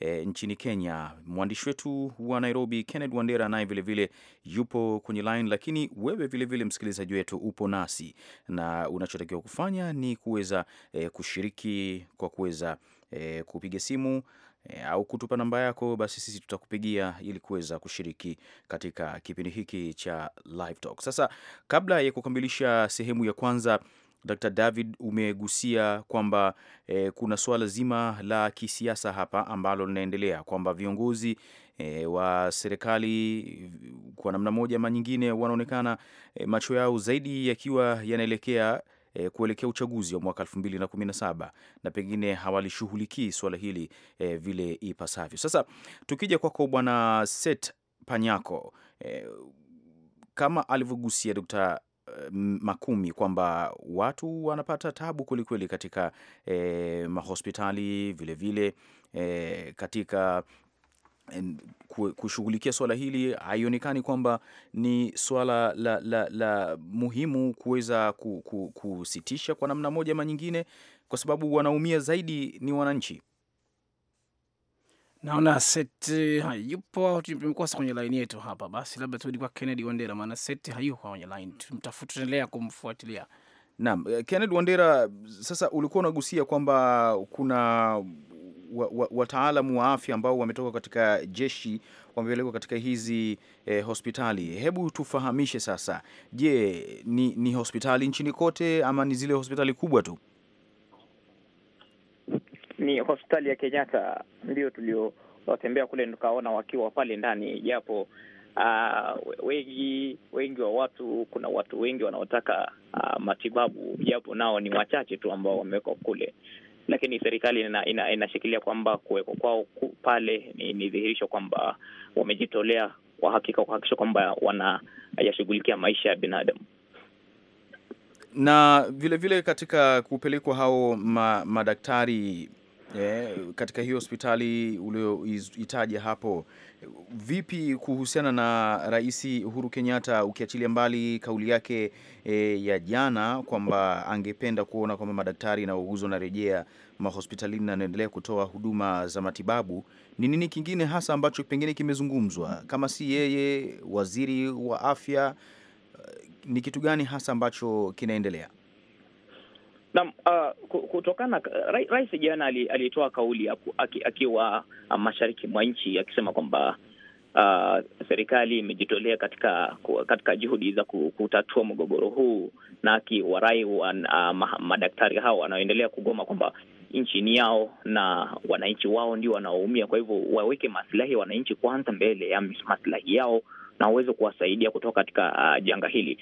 E, nchini Kenya. Mwandishi wetu wa Nairobi Kenneth Wandera naye vilevile yupo kwenye line, lakini wewe vilevile msikilizaji wetu upo nasi na unachotakiwa kufanya ni kuweza e, kushiriki kwa kuweza e, kupiga simu e, au kutupa namba yako, basi sisi tutakupigia ili kuweza kushiriki katika kipindi hiki cha Live Talk. Sasa kabla ya kukamilisha sehemu ya kwanza Dr. David umegusia kwamba eh, kuna suala zima la kisiasa hapa ambalo linaendelea kwamba viongozi eh, wa serikali kwa namna moja ama nyingine wanaonekana eh, macho yao zaidi yakiwa yanaelekea e, kuelekea uchaguzi wa mwaka 2017 na pengine hawalishughulikii suala hili e, vile ipasavyo. Sasa tukija kwako Bwana set Panyako, e, kama alivyogusia Dr. Makumi kwamba watu wanapata tabu kwelikweli katika e, mahospitali vilevile vile, e, katika kushughulikia swala hili haionekani kwamba ni swala la, la, la muhimu kuweza ku, ku, kusitisha kwa namna moja ama nyingine, kwa sababu wanaumia zaidi ni wananchi. Naona Seti hayupo, tumemkosa kwenye laini yetu hapa. Basi labda turudi kwa Kennedy Wandera, maana Seti hayupo kwenye laini, tumtafuta, kumfuatilia. Naam, eh, Kennedy Wandera, sasa ulikuwa unagusia kwamba kuna wataalamu wa, wa, wa afya ambao wametoka katika jeshi wamepelekwa katika hizi eh, hospitali. Hebu tufahamishe sasa, je, ni, ni hospitali nchini kote ama ni zile hospitali kubwa tu? Ni hospitali ya Kenyatta ndio tuliowatembea kule, tukaona wakiwa pale ndani, japo uh, wengi wengi wa watu, kuna watu wengi wanaotaka uh, matibabu, japo nao ni wachache tu ambao wamewekwa kule lakini serikali inashikilia ina, ina kwamba kuweko kwao pale ni, ni dhihirisho kwamba wamejitolea kwa hakika kuhakikisha kwamba wanayashughulikia maisha ya binadamu na vilevile vile katika kupelekwa hao ma, madaktari eh, katika hiyo hospitali ulioitaja hapo Vipi kuhusiana na Rais Uhuru Kenyatta, ukiachilia mbali kauli yake e, ya jana kwamba angependa kuona kwamba madaktari na wauguzi wanarejea mahospitalini na anaendelea kutoa huduma za matibabu, ni nini kingine hasa ambacho pengine kimezungumzwa, kama si yeye, waziri wa afya? E, ni kitu gani hasa ambacho kinaendelea? Naam, uh, kutokana rais jana alitoa kauli akiwa aki uh, mashariki mwa nchi akisema kwamba uh, serikali imejitolea katika katika juhudi za kutatua mgogoro huu na akiwarai uh, madaktari hao wanaoendelea kugoma kwamba nchi ni yao na wananchi wao ndio wanaoumia. Kwa hivyo waweke maslahi ya wananchi kwanza mbele ya maslahi yao na waweze kuwasaidia kutoka katika uh, janga hili.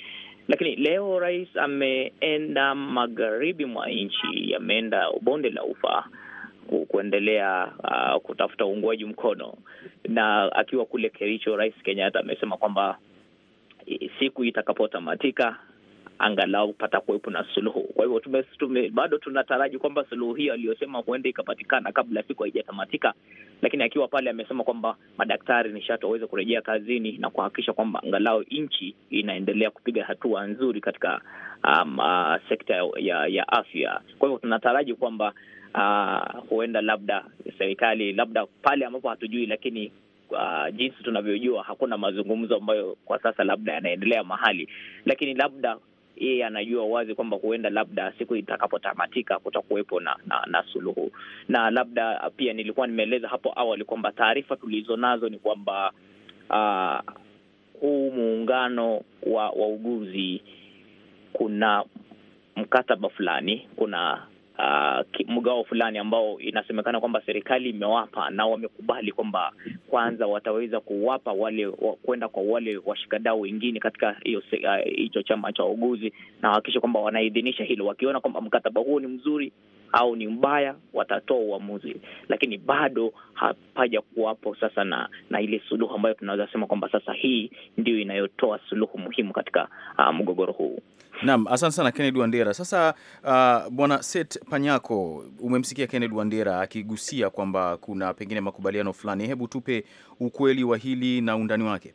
Lakini leo rais ameenda magharibi mwa nchi, ameenda bonde la Ufa kuendelea uh, kutafuta uungwaji mkono, na akiwa kule Kericho, rais Kenyatta amesema kwamba siku itakapotamatika angalau pata kuwepo na suluhu. Kwa hivyo tume, tume, bado tunataraji kwamba suluhu hiyo aliyosema huenda ikapatikana kabla siku haijatamatika, lakini akiwa pale amesema kwamba madaktari nishati waweze kurejea kazini na kuhakikisha kwamba angalau nchi inaendelea kupiga hatua nzuri katika um, uh, sekta ya, ya afya. Kwa hivyo tunataraji kwamba uh, huenda labda serikali labda pale ambapo hatujui, lakini Uh, jinsi tunavyojua hakuna mazungumzo ambayo kwa sasa labda yanaendelea mahali, lakini labda yeye anajua wazi kwamba huenda labda siku itakapotamatika kutakuwepo na, na, na suluhu. Na labda pia nilikuwa nimeeleza hapo awali kwamba taarifa tulizo nazo ni kwamba uh, huu muungano wa wauguzi kuna mkataba fulani, kuna uh, mgao fulani ambao inasemekana kwamba serikali imewapa na wamekubali kwamba kwanza wataweza kuwapa wale kwenda kwa wale washikadau wengine katika hiyo uh, hicho uh, chama cha uguzi na wahakikishe kwamba wanaidhinisha hilo, wakiona kwamba mkataba huo ni mzuri au ni mbaya, watatoa uamuzi, lakini bado hapaja kuwapo sasa na na ile suluhu ambayo tunaweza sema kwamba sasa hii ndio inayotoa suluhu muhimu katika uh, mgogoro huu. Naam, asante sana Kennedy Wandera. Sasa uh, bwana set Panyako, umemsikia Kennedy Wandera akigusia kwamba kuna pengine makubaliano fulani. Hebu tupe ukweli wa hili na undani wake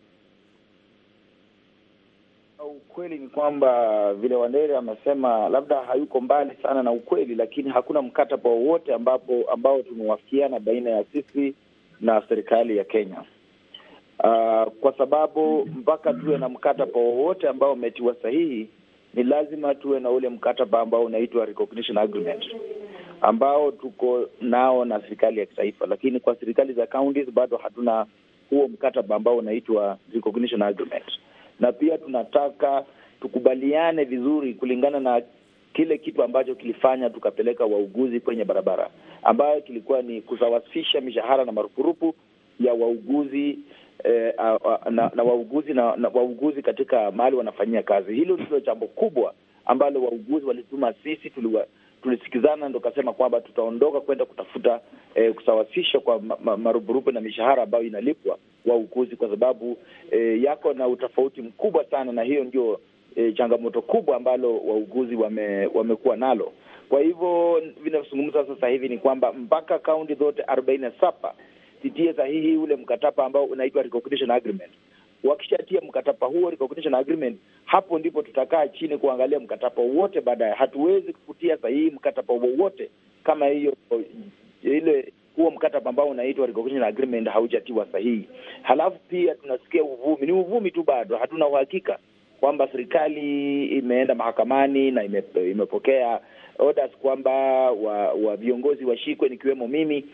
kweli ni kwamba vile Wandere amesema, labda hayuko mbali sana na ukweli, lakini hakuna mkataba wowote ambapo ambao tumewafikiana baina ya sisi na serikali ya Kenya. Uh, kwa sababu mpaka tuwe na mkataba wowote ambao umetiwa sahihi, ni lazima tuwe na ule mkataba ambao unaitwa recognition agreement ambao tuko nao na serikali ya kitaifa, lakini kwa serikali za counties bado hatuna huo mkataba ambao unaitwa recognition agreement na pia tunataka tukubaliane vizuri kulingana na kile kitu ambacho kilifanya tukapeleka wauguzi kwenye barabara, ambayo kilikuwa ni kusawasisha mishahara na marupurupu ya wauguzi eh, na, na wauguzi na, na wauguzi katika mahali wanafanyia kazi. Hilo ndilo jambo kubwa ambalo wauguzi walituma sisi tuliwa tulisikizana ndo kasema kwamba tutaondoka kwenda kutafuta e, eh, kusawasisha kwa ma, marupurupu na mishahara ambayo inalipwa wauguzi, kwa sababu e, yako na utofauti mkubwa sana, na hiyo ndio e, changamoto kubwa ambalo wauguzi wame, wamekuwa nalo. Kwa hivyo vinavyozungumza sasa hivi ni kwamba mpaka kaunti zote arobaini na saba zitie sahihi ule mkataba ambao unaitwa recognition agreement Wakishatia mkataba huo recognition agreement, hapo ndipo tutakaa chini kuangalia mkataba wowote baadaye. Hatuwezi kutia sahihi mkataba wowote kama hiyo ile huo mkataba ambao unaitwa recognition agreement haujatiwa sahihi. Halafu pia tunasikia uvumi, ni uvumi tu, bado hatuna uhakika kwamba serikali imeenda mahakamani na ime, imepokea orders kwamba wa, wa viongozi washikwe nikiwemo mimi.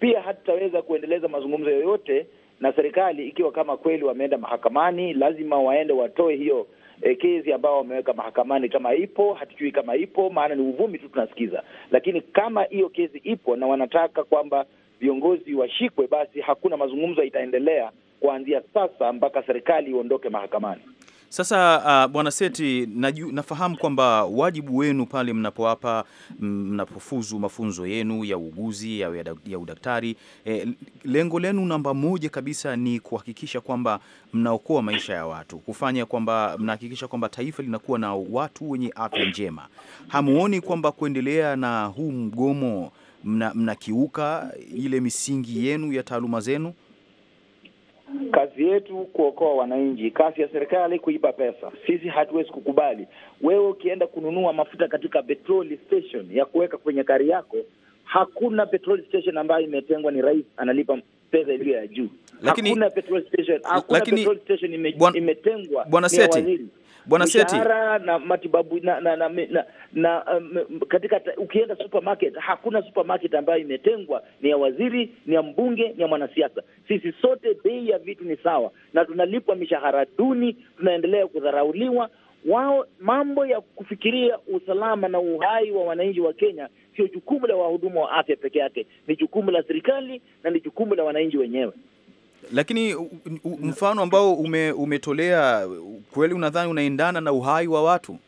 Pia hatutaweza kuendeleza mazungumzo yoyote na serikali ikiwa kama kweli wameenda mahakamani, lazima waende watoe hiyo E, kesi ambao wameweka mahakamani, kama ipo, hatujui kama ipo, maana ni uvumi tu tunasikiza. Lakini kama hiyo kesi ipo na wanataka kwamba viongozi washikwe, basi hakuna mazungumzo itaendelea kuanzia sasa mpaka serikali iondoke mahakamani. Sasa uh, bwana Seti, nafahamu kwamba wajibu wenu pale mnapoapa mm, mnapofuzu mafunzo yenu ya uuguzi ya, ya udaktari e, lengo lenu namba moja kabisa ni kuhakikisha kwamba mnaokoa maisha ya watu, kufanya kwamba mnahakikisha kwamba taifa linakuwa na watu wenye afya njema. Hamuoni kwamba kuendelea na huu mgomo mnakiuka mna ile misingi yenu ya taaluma zenu? Kazi yetu kuokoa wananchi, kazi ya serikali kuipa pesa. Sisi hatuwezi kukubali wewe ukienda kununua mafuta katika petrol station ya kuweka kwenye gari yako. Hakuna petrol station ambayo imetengwa, ni rais analipa pesa iliyo ya juu. Lakini hakuna petrol station, hakuna lakini, petrol station imetengwa bwana Seti Bwana Seti, na matibabu na na, na, na, na um, katika ukienda supermarket hakuna supermarket ambayo imetengwa, ni ya waziri, ni ya mbunge, ni ya mwanasiasa. Sisi sote bei ya vitu ni sawa, na tunalipwa mishahara duni, tunaendelea kudharauliwa wao mambo ya kufikiria usalama na uhai wa wananchi wa Kenya sio jukumu la wahudumu wa afya peke yake, ni jukumu la serikali na ni jukumu la wananchi wenyewe. Lakini u, u, mfano ambao ume, umetolea kweli, unadhani unaendana na uhai wa watu?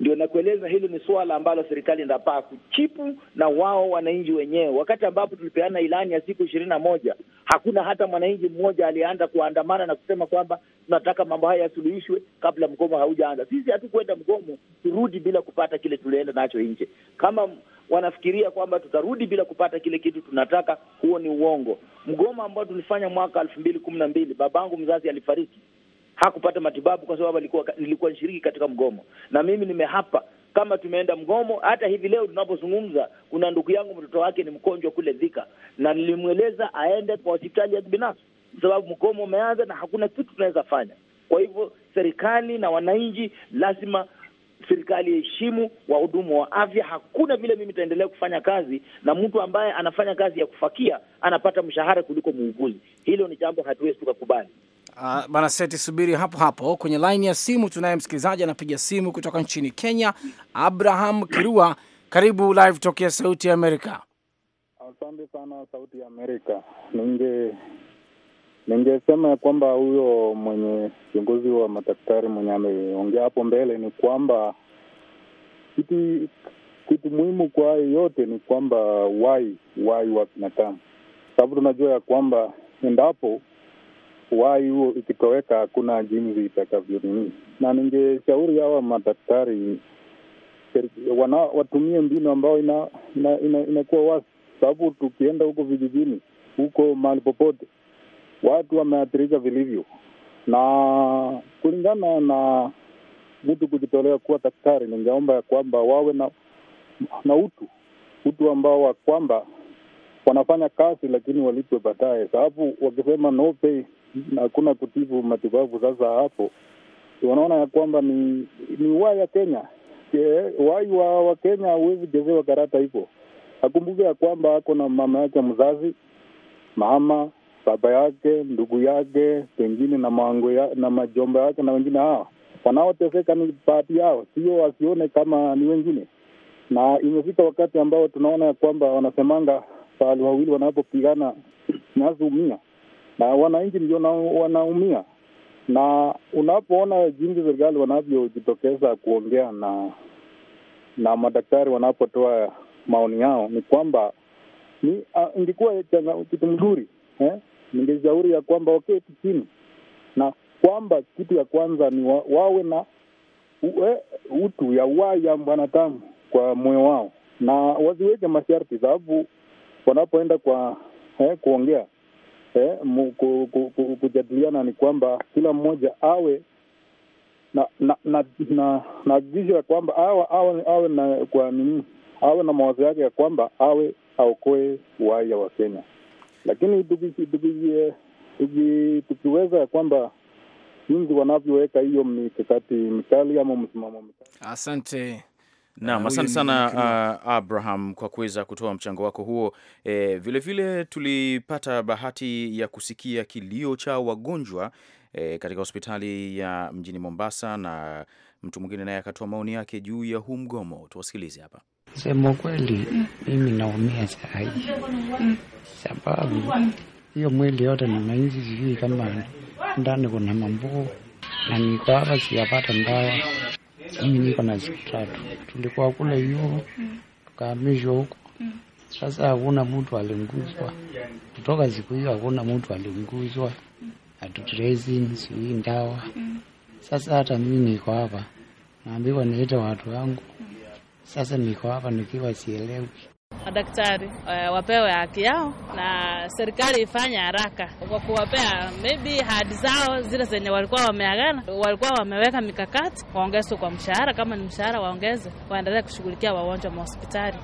Ndio nakueleza hilo ni suala ambalo serikali inapaa kuchipu na wao wananchi wenyewe. Wakati ambapo tulipeana ilani ya siku ishirini na moja, hakuna hata mwananchi mmoja aliyeanza kuandamana na kusema kwamba tunataka mambo haya yasuluhishwe kabla mgomo haujaanza. Sisi hatukwenda mgomo turudi bila kupata kile tulienda nacho nje. Kama wanafikiria kwamba tutarudi bila kupata kile kitu tunataka, huo ni uongo. Mgomo ambao tulifanya mwaka elfu mbili kumi na mbili, babangu mzazi alifariki hakupata matibabu kwa sababu alikuwa nilikuwa nishiriki katika mgomo, na mimi nimehapa kama tumeenda mgomo. Hata hivi leo tunapozungumza, kuna ndugu yangu mtoto wake ni mgonjwa kule Dhika, na nilimweleza aende kwa hospitali ya kibinafsi, sababu mgomo umeanza na hakuna kitu tunaweza fanya. Kwa hivyo serikali na wananchi lazima serikali iheshimu wahudumu wa afya. Hakuna vile mimi nitaendelea kufanya kazi na mtu ambaye anafanya kazi ya kufakia anapata mshahara kuliko muuguzi. Hilo ni jambo hatuwezi tukakubali. Uh, bana Seti, subiri hapo hapo kwenye laini ya simu. Tunaye msikilizaji anapiga simu kutoka nchini Kenya, Abraham Kirua, karibu live tokea Sauti ya Amerika. Asante sana Sauti ya Amerika. Ninge ningesema ya kwamba huyo mwenye kiongozi wa madaktari mwenye ameongea hapo mbele ni kwamba kitu kitu muhimu kwa hayo yote ni kwamba wai wai wa binadamu, sababu tunajua ya kwamba endapo uhai huo ikitoweka, hakuna jinsi itakavyo nini, na ningeshauri hawa madaktari wana, watumie mbinu ambayo inakuwa ina, ina, ina wasi, sababu tukienda huko vijijini huko mahali popote, watu wameathirika vilivyo, na kulingana na mtu kujitolea kuwa daktari, ningeomba ya kwamba wawe na, na utu utu ambao wa kwamba wanafanya kazi lakini walipwe baadaye, sababu wakisema no pay hakuna kutibu matibabu. Sasa hapo wanaona ya kwamba ni ni wai ya Kenya, wai wa Wakenya huwezi chezewa karata hivyo. Akumbuke ya kwamba ako na mama yake mzazi, mama baba yake, ndugu yake, pengine na mango ya, na majomba yake na wengine hawa wanaoteseka ni bahati yao, sio wasione kama ni wengine. Na imefika wakati ambao tunaona ya kwamba wanasemanga pahali wawili wanapopigana nyasi umia na wananchi ndio wanaumia. Na unapoona jinsi serikali wanavyojitokeza kuongea na na madaktari wanapotoa maoni yao, ni kwamba ni ingekuwa kitu mzuri eh? Ningeshauri ya kwamba waketi chini na kwamba kitu ya kwanza ni wa, wawe na uwe, eh, utu ya uwai ya mwanadamu kwa moyo wao, na waziweke masharti, sababu wanapoenda kwa eh, kuongea eh, kujadiliana ni kwamba kila mmoja awe na na na, na, na agizo ya kwamba awe, awe, awe na kwa nini awe na mawazo yake ya kwamba awe aokoe uhai ya Wakenya, lakini eh, tukiweza ya kwamba jinsi wanavyoweka hiyo mikakati mikali ama msimamo mikali. Asante. Naam, asante sana uh, Abraham kwa kuweza kutoa mchango wako huo. Vilevile vile tulipata bahati ya kusikia kilio cha wagonjwa e, katika hospitali ya mjini Mombasa, na mtu mwingine naye akatoa maoni yake juu ya huu mgomo. Tuwasikilize hapa. Sema kweli, mimi naumia sahi, sababu hiyo mwili yote maizi sijui kama ndani kuna mambuo na niko siyapata ndawa mimi niko na siku tatu. Tulikuwa kule Yulu tukahamishwa huko. Sasa hakuna mtu alinguzwa kutoka siku hiyo, hakuna mtu alinguzwa hatutrezi sijui ndawa. Sasa hata mimi niko hapa naambiwa niite watu wangu. Sasa niko hapa nikiwa sielewi madaktari eh, wapewe haki yao na serikali ifanye haraka kwa kuwapea maybe hadi zao zile zenye walikuwa wameagana, walikuwa wameweka mikakati waongezwe kwa mshahara, kama ni mshahara waongeze, waendelee kushughulikia wagonjwa mahospitali.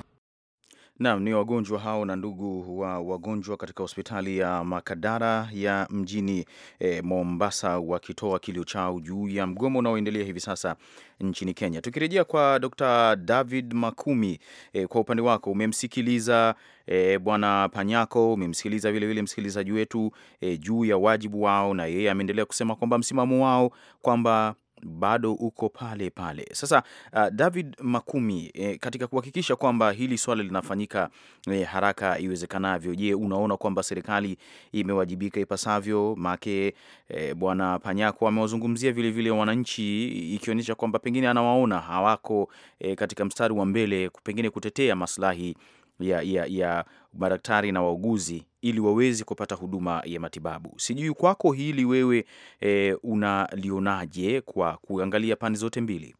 Naam, ni wagonjwa hao na ndugu wa wagonjwa katika hospitali ya Makadara ya mjini e, Mombasa wakitoa kilio chao juu ya mgomo unaoendelea hivi sasa nchini Kenya. Tukirejea kwa Dr. David Makumi, e, kwa upande wako umemsikiliza e, bwana Panyako, umemsikiliza vilevile msikilizaji wetu e, juu ya wajibu wao, na yeye ameendelea kusema kwamba msimamo wao kwamba bado uko pale pale. Sasa uh, David Makumi, eh, katika kuhakikisha kwamba hili swala linafanyika eh, haraka iwezekanavyo, je, unaona kwamba serikali imewajibika ipasavyo? Make eh, bwana Panyako amewazungumzia vilevile wananchi, ikionyesha kwamba pengine anawaona hawako eh, katika mstari wa mbele, pengine kutetea maslahi ya, ya, ya madaktari na wauguzi ili waweze kupata huduma ya matibabu. Sijui kwako hili wewe e, unalionaje kwa kuangalia pande zote mbili?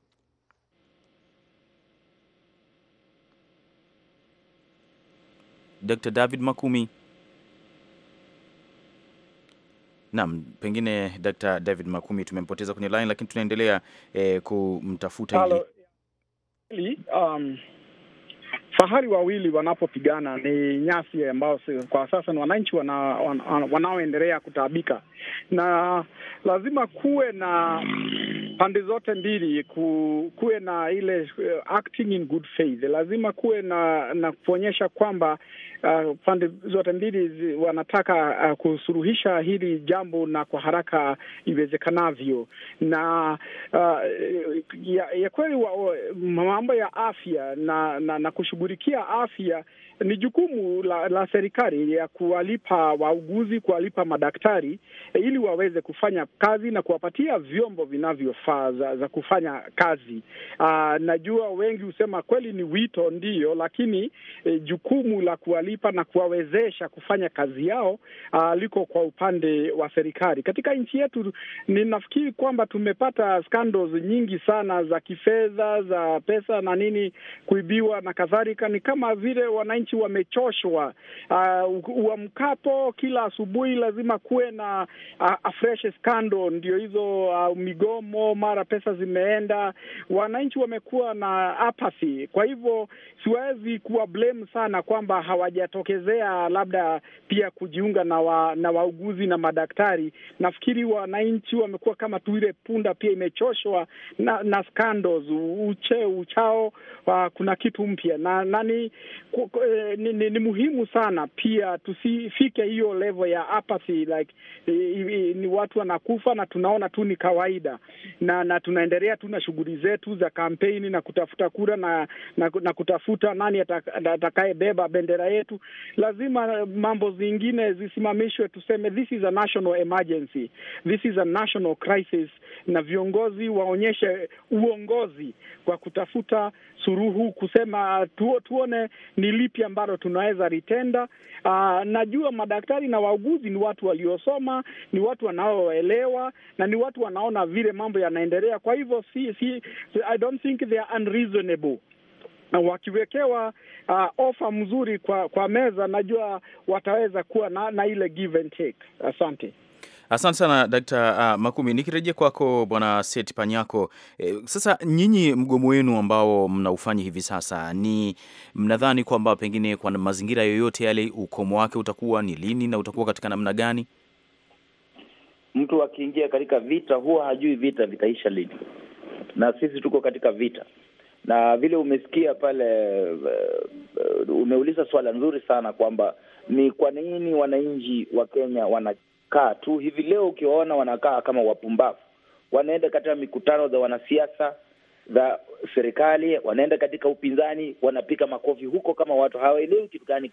Dr. David Makumi. Naam, pengine Dr. David Makumi tumempoteza kwenye line, lakini tunaendelea e, kumtafuta ili um fahari wawili wanapopigana ni nyasi ambayo kwa sasa ni wananchi wana, wana, wanaoendelea kutaabika, na lazima kuwe na pande zote mbili, kuwe na ile eh, acting in good faith. Lazima kuwe na na kuonyesha kwamba uh, pande zote mbili zi, wanataka uh, kusuluhisha hili jambo na kwa haraka iwezekanavyo. Na uh, ya, ya kweli mambo ya afya na, na, na kushughulikia afya ni jukumu la, la serikali ya kuwalipa wauguzi, kuwalipa madaktari e, ili waweze kufanya kazi na kuwapatia vyombo vinavyofaa za, za kufanya kazi. Aa, najua wengi husema kweli ni wito ndiyo, lakini e, jukumu la kuwalipa na kuwawezesha kufanya kazi yao aa, liko kwa upande wa serikali. Katika nchi yetu ninafikiri kwamba tumepata scandals nyingi sana za kifedha, za pesa na nini, kuibiwa na kadhalika, ni kama vile wananchi wananchi wamechoshwa. Ah, uamkapo mkapo kila asubuhi lazima kuwe na uh, fresh scandal, ndio hizo uh, migomo, mara pesa zimeenda, wananchi wamekuwa na apathy. Kwa hivyo siwezi kuwa blame sana kwamba hawajatokezea labda pia kujiunga na, wa, na wauguzi na madaktari. Nafikiri wananchi wamekuwa kama tu ile punda pia imechoshwa na, na scandals uche uchao, uh, kuna kitu mpya na nani eh, Eh, ni, ni, ni muhimu sana pia tusifike hiyo level ya apathy like eh, ni watu wanakufa na tunaona tu ni kawaida, na na tunaendelea tu na shughuli zetu za kampeni na kutafuta kura na na, na kutafuta nani atakayebeba bendera yetu. Lazima mambo zingine zisimamishwe, tuseme this is a national emergency, this is a national crisis, na viongozi waonyeshe uongozi kwa kutafuta suruhu, kusema tuone ni lipi lipi ambalo tunaweza litenda. Uh, ah, najua madaktari na wauguzi ni watu waliosoma, ni watu wanaoelewa na ni watu wanaona vile mambo yanaendelea. Kwa hivyo si, si, I don't think they are unreasonable wakiwekewa uh, ah, ofa mzuri kwa, kwa meza najua wataweza kuwa na, na ile give and take. Asante. Asante sana Dkt. Uh, Makumi, nikirejea kwako Bwana Set Panyako. E, sasa nyinyi mgomo wenu ambao mnaufanya hivi sasa ni mnadhani kwamba pengine kwa mazingira yoyote yale ukomo wake utakuwa ni lini na utakuwa katika namna gani? Mtu akiingia katika vita huwa hajui vita vitaisha lini, na sisi tuko katika vita na vile umesikia pale, eh, eh, umeuliza swala nzuri sana kwamba ni kwa nini wananchi wa Kenya wana wanakaa tu. Hivi leo ukiwaona wanakaa kama wapumbavu, wanaenda katika mikutano za wanasiasa za serikali, wanaenda katika upinzani, wanapika makofi huko kama watu hawaelewi kitu gani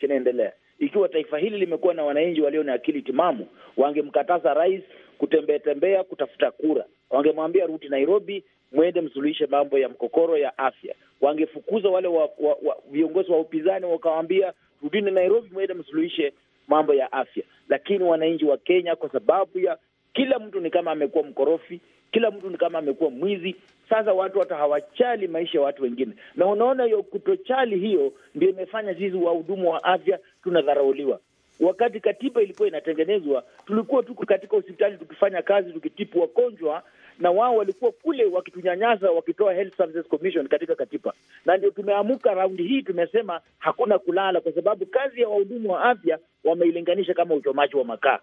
kinaendelea. Ikiwa taifa hili limekuwa na wananchi walio na akili timamu, wangemkataza rais kutembea tembea kutafuta kura, wangemwambia ruti Nairobi, mwende msuluhishe mambo ya mkokoro ya afya. Wangefukuza wale wa, wa, wa, viongozi wa upinzani, wakawambia rudini Nairobi, mwende msuluhishe mambo ya afya, lakini wananchi wa Kenya kwa sababu ya kila mtu ni kama amekuwa mkorofi, kila mtu ni kama amekuwa mwizi. Sasa watu hata hawachali maisha ya watu wengine, na unaona hiyo kutochali hiyo ndio imefanya sisi wahudumu wa afya tunadharauliwa. Wakati katiba ilikuwa inatengenezwa, tulikuwa tuko katika hospitali tukifanya kazi, tukitipu wagonjwa na wao walikuwa kule wakitunyanyasa, wakitoa Health Services Commission katika katiba, na ndio tumeamuka raundi hii, tumesema hakuna kulala, kwa sababu kazi ya wahudumu wa afya wameilinganisha kama uchomaji wa makaa.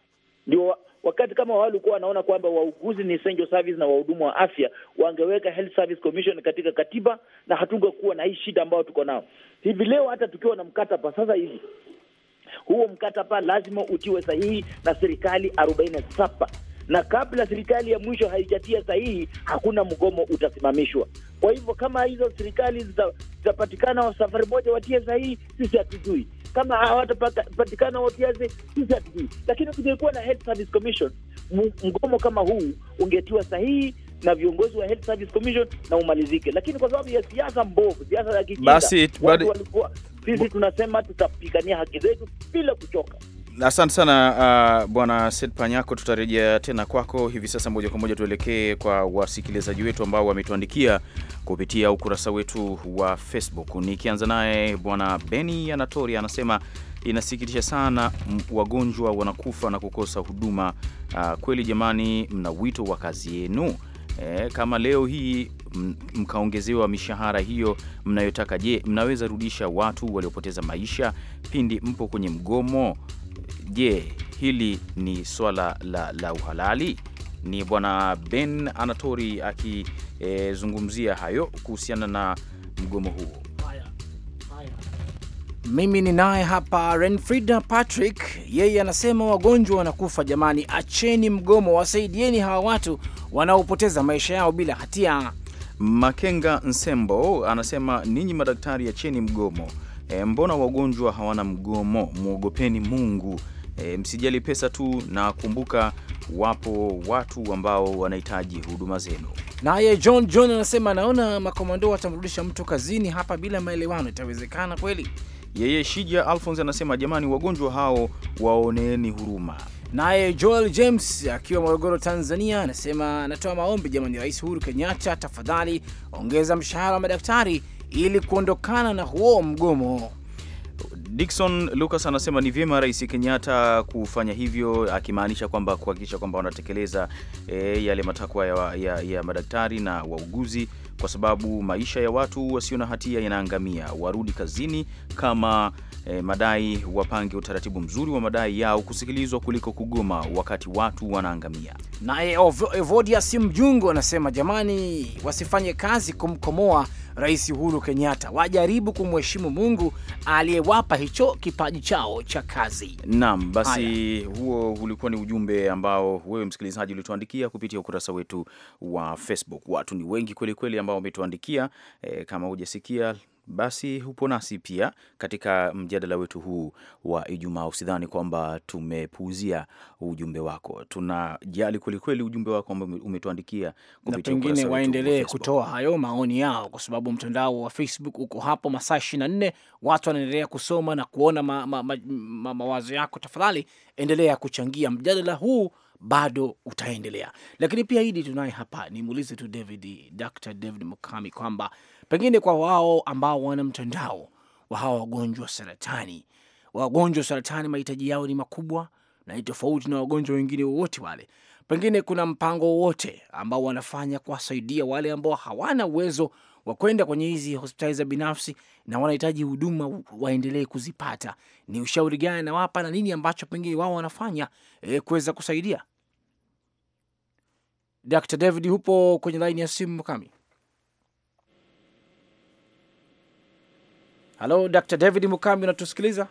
Ndio wakati kama wao walikuwa wanaona kwamba wauguzi ni essential service na wahudumu wa afya wangeweka Health Service Commission katika katiba, na hatungekuwa na hii shida ambayo tuko nao hivi leo. Hata tukiwa na mkataba sasa hivi, huo mkataba lazima utiwe sahihi na serikali arobaini na saba na kabla serikali ya mwisho haijatia sahihi, hakuna mgomo utasimamishwa. Kwa hivyo kama hizo serikali zitapatikana zita safari moja watie sahihi, sisi hatujui kama hawatapatikana watiaze, sisi hatujui. Lakini kungekuwa na Health Service Commission, mgomo kama huu ungetiwa sahihi na viongozi wa Health Service Commission na umalizike, lakini kwa sababu ya siasa mbovu, siasa za kijinga, watu walikuwa, sisi tunasema tutapigania haki zetu bila kuchoka. Asante sana uh, bwana Seth Panyako, tutarejea tena kwako hivi sasa. Moja kwa moja tuelekee kwa wasikilizaji wetu ambao wametuandikia kupitia ukurasa wetu wa Facebook. Nikianza naye bwana Beni Anatori anasema inasikitisha sana, wagonjwa wanakufa na kukosa huduma. Uh, kweli jamani, mna wito wa kazi yenu eh, kama leo hii mkaongezewa mishahara hiyo mnayotaka. Je, mnaweza rudisha watu waliopoteza maisha pindi mpo kwenye mgomo? Je, hili ni swala la, la uhalali? Ni bwana Ben Anatori akizungumzia e, hayo kuhusiana na mgomo huo. Mimi ni naye hapa Renfrida Patrick, yeye anasema wagonjwa wanakufa jamani, acheni mgomo, wasaidieni hawa watu wanaopoteza maisha yao bila hatia. Makenga Nsembo anasema ninyi madaktari acheni mgomo, E, mbona wagonjwa hawana mgomo? Mwogopeni Mungu. E, msijali pesa tu, na kumbuka wapo watu ambao wanahitaji huduma zenu. Naye John John anasema anaona makomando watamrudisha mtu kazini hapa bila maelewano, itawezekana kweli? Yeye Shija Alphonse anasema jamani, wagonjwa hao waoneeni huruma. Naye Joel James akiwa Morogoro, Tanzania, anasema anatoa maombi, jamani, Rais Uhuru Kenyatta, tafadhali ongeza mshahara wa madaktari ili kuondokana na huo mgomo. Dickson Lucas anasema ni vyema Rais Kenyatta kufanya hivyo, akimaanisha kwamba kuhakikisha kwamba wanatekeleza e, yale matakwa ya, ya, ya madaktari na wauguzi, kwa sababu maisha ya watu wasio na hatia yanaangamia. Warudi kazini kama e, madai, wapange utaratibu mzuri wa madai yao kusikilizwa kuliko kugoma wakati watu wanaangamia. Naye Evodia Simjungu anasema jamani, wasifanye kazi kumkomoa Rais Uhuru Kenyatta wajaribu kumheshimu Mungu aliyewapa hicho kipaji chao cha kazi. Naam, basi Aya. huo ulikuwa ni ujumbe ambao wewe msikilizaji ulituandikia kupitia ukurasa wetu wa Facebook. Watu ni wengi kwelikweli ambao wametuandikia e, kama hujasikia basi hupo nasi pia katika mjadala wetu huu wa Ijumaa. Usidhani kwamba tumepuuzia ujumbe wako, tunajali kwelikweli ujumbe wako ambao umetuandikia, na pengine waendelee kutoa hayo maoni yao, kwa sababu mtandao wa Facebook uko hapo masaa ishirini na nne. Watu wanaendelea kusoma na kuona mawazo ma, ma, ma, mawazo yako. Tafadhali endelea kuchangia, mjadala huu bado utaendelea. Lakini pia hidi tunaye hapa, nimuulize tu David, Dr David Mukami kwamba pengine kwa wao ambao wana mtandao wa hawa wagonjwa wa saratani. Wagonjwa wa saratani mahitaji yao ni makubwa na ni tofauti na wagonjwa wengine wowote wale. Pengine kuna mpango wowote ambao wanafanya kuwasaidia wale ambao hawana uwezo wa kwenda kwenye hizi hospitali za binafsi na wanahitaji huduma waendelee kuzipata? Ni ushauri gani nawapa na nini ambacho pengine wao wanafanya e, kuweza kusaidia? Dr. David, hupo kwenye laini ya simu kami Halo Dr. David Mukambi, unatusikiliza?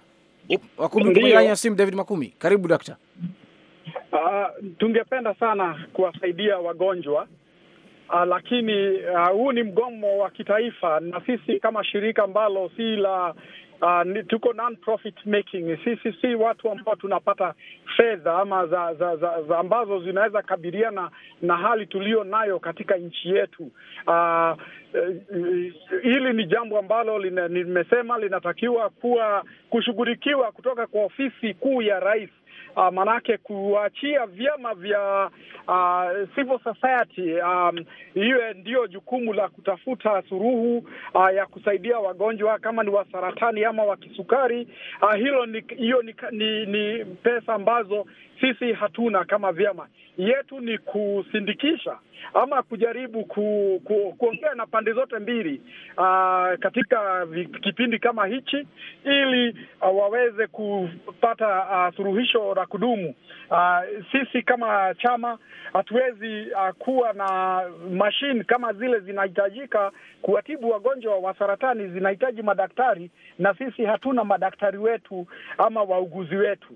Wakumi ya simu David Makumi, karibu Dr. Uh, ah, tungependa sana kuwasaidia wagonjwa uh, lakini uh, huu ni mgomo wa kitaifa na sisi kama shirika ambalo si la Uh, tuko non-profit making sisi, si watu ambao tunapata fedha ama za, za, za, za ambazo zinaweza kabiria na hali tuliyo nayo katika nchi yetu. Uh, hili ni jambo ambalo limesema linatakiwa kuwa kushughulikiwa kutoka kwa ofisi kuu ya rais uh, manake kuachia vyama vya uh, civil society um, iwe ndio jukumu la kutafuta suruhu uh, ya kusaidia wagonjwa kama ni wa saratani ama wa kisukari uh, hilo hiyo ni, ni, ni, ni pesa ambazo sisi hatuna kama vyama yetu ni kusindikisha ama kujaribu ku, ku, kuongea na pande zote mbili uh, katika kipindi kama hichi ili uh, waweze kupata uh, suluhisho la kudumu. uh, sisi kama chama hatuwezi kuwa na mashine kama zile zinahitajika kuwatibu wagonjwa wa saratani, zinahitaji madaktari na sisi hatuna madaktari wetu ama wauguzi wetu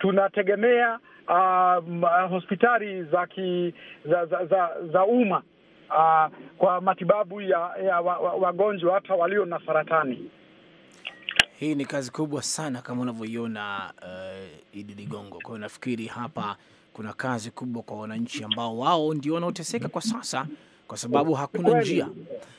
tunategemea uh, hospitali za, ki, za, za, za, za umma uh, kwa matibabu ya, ya wagonjwa wa, wa hata walio na saratani. Hii ni kazi kubwa sana kama unavyoiona uh, Idi Ligongo. Kwa hiyo nafikiri hapa kuna kazi kubwa kwa wananchi ambao wao ndio wanaoteseka kwa sasa, kwa sababu hakuna njia.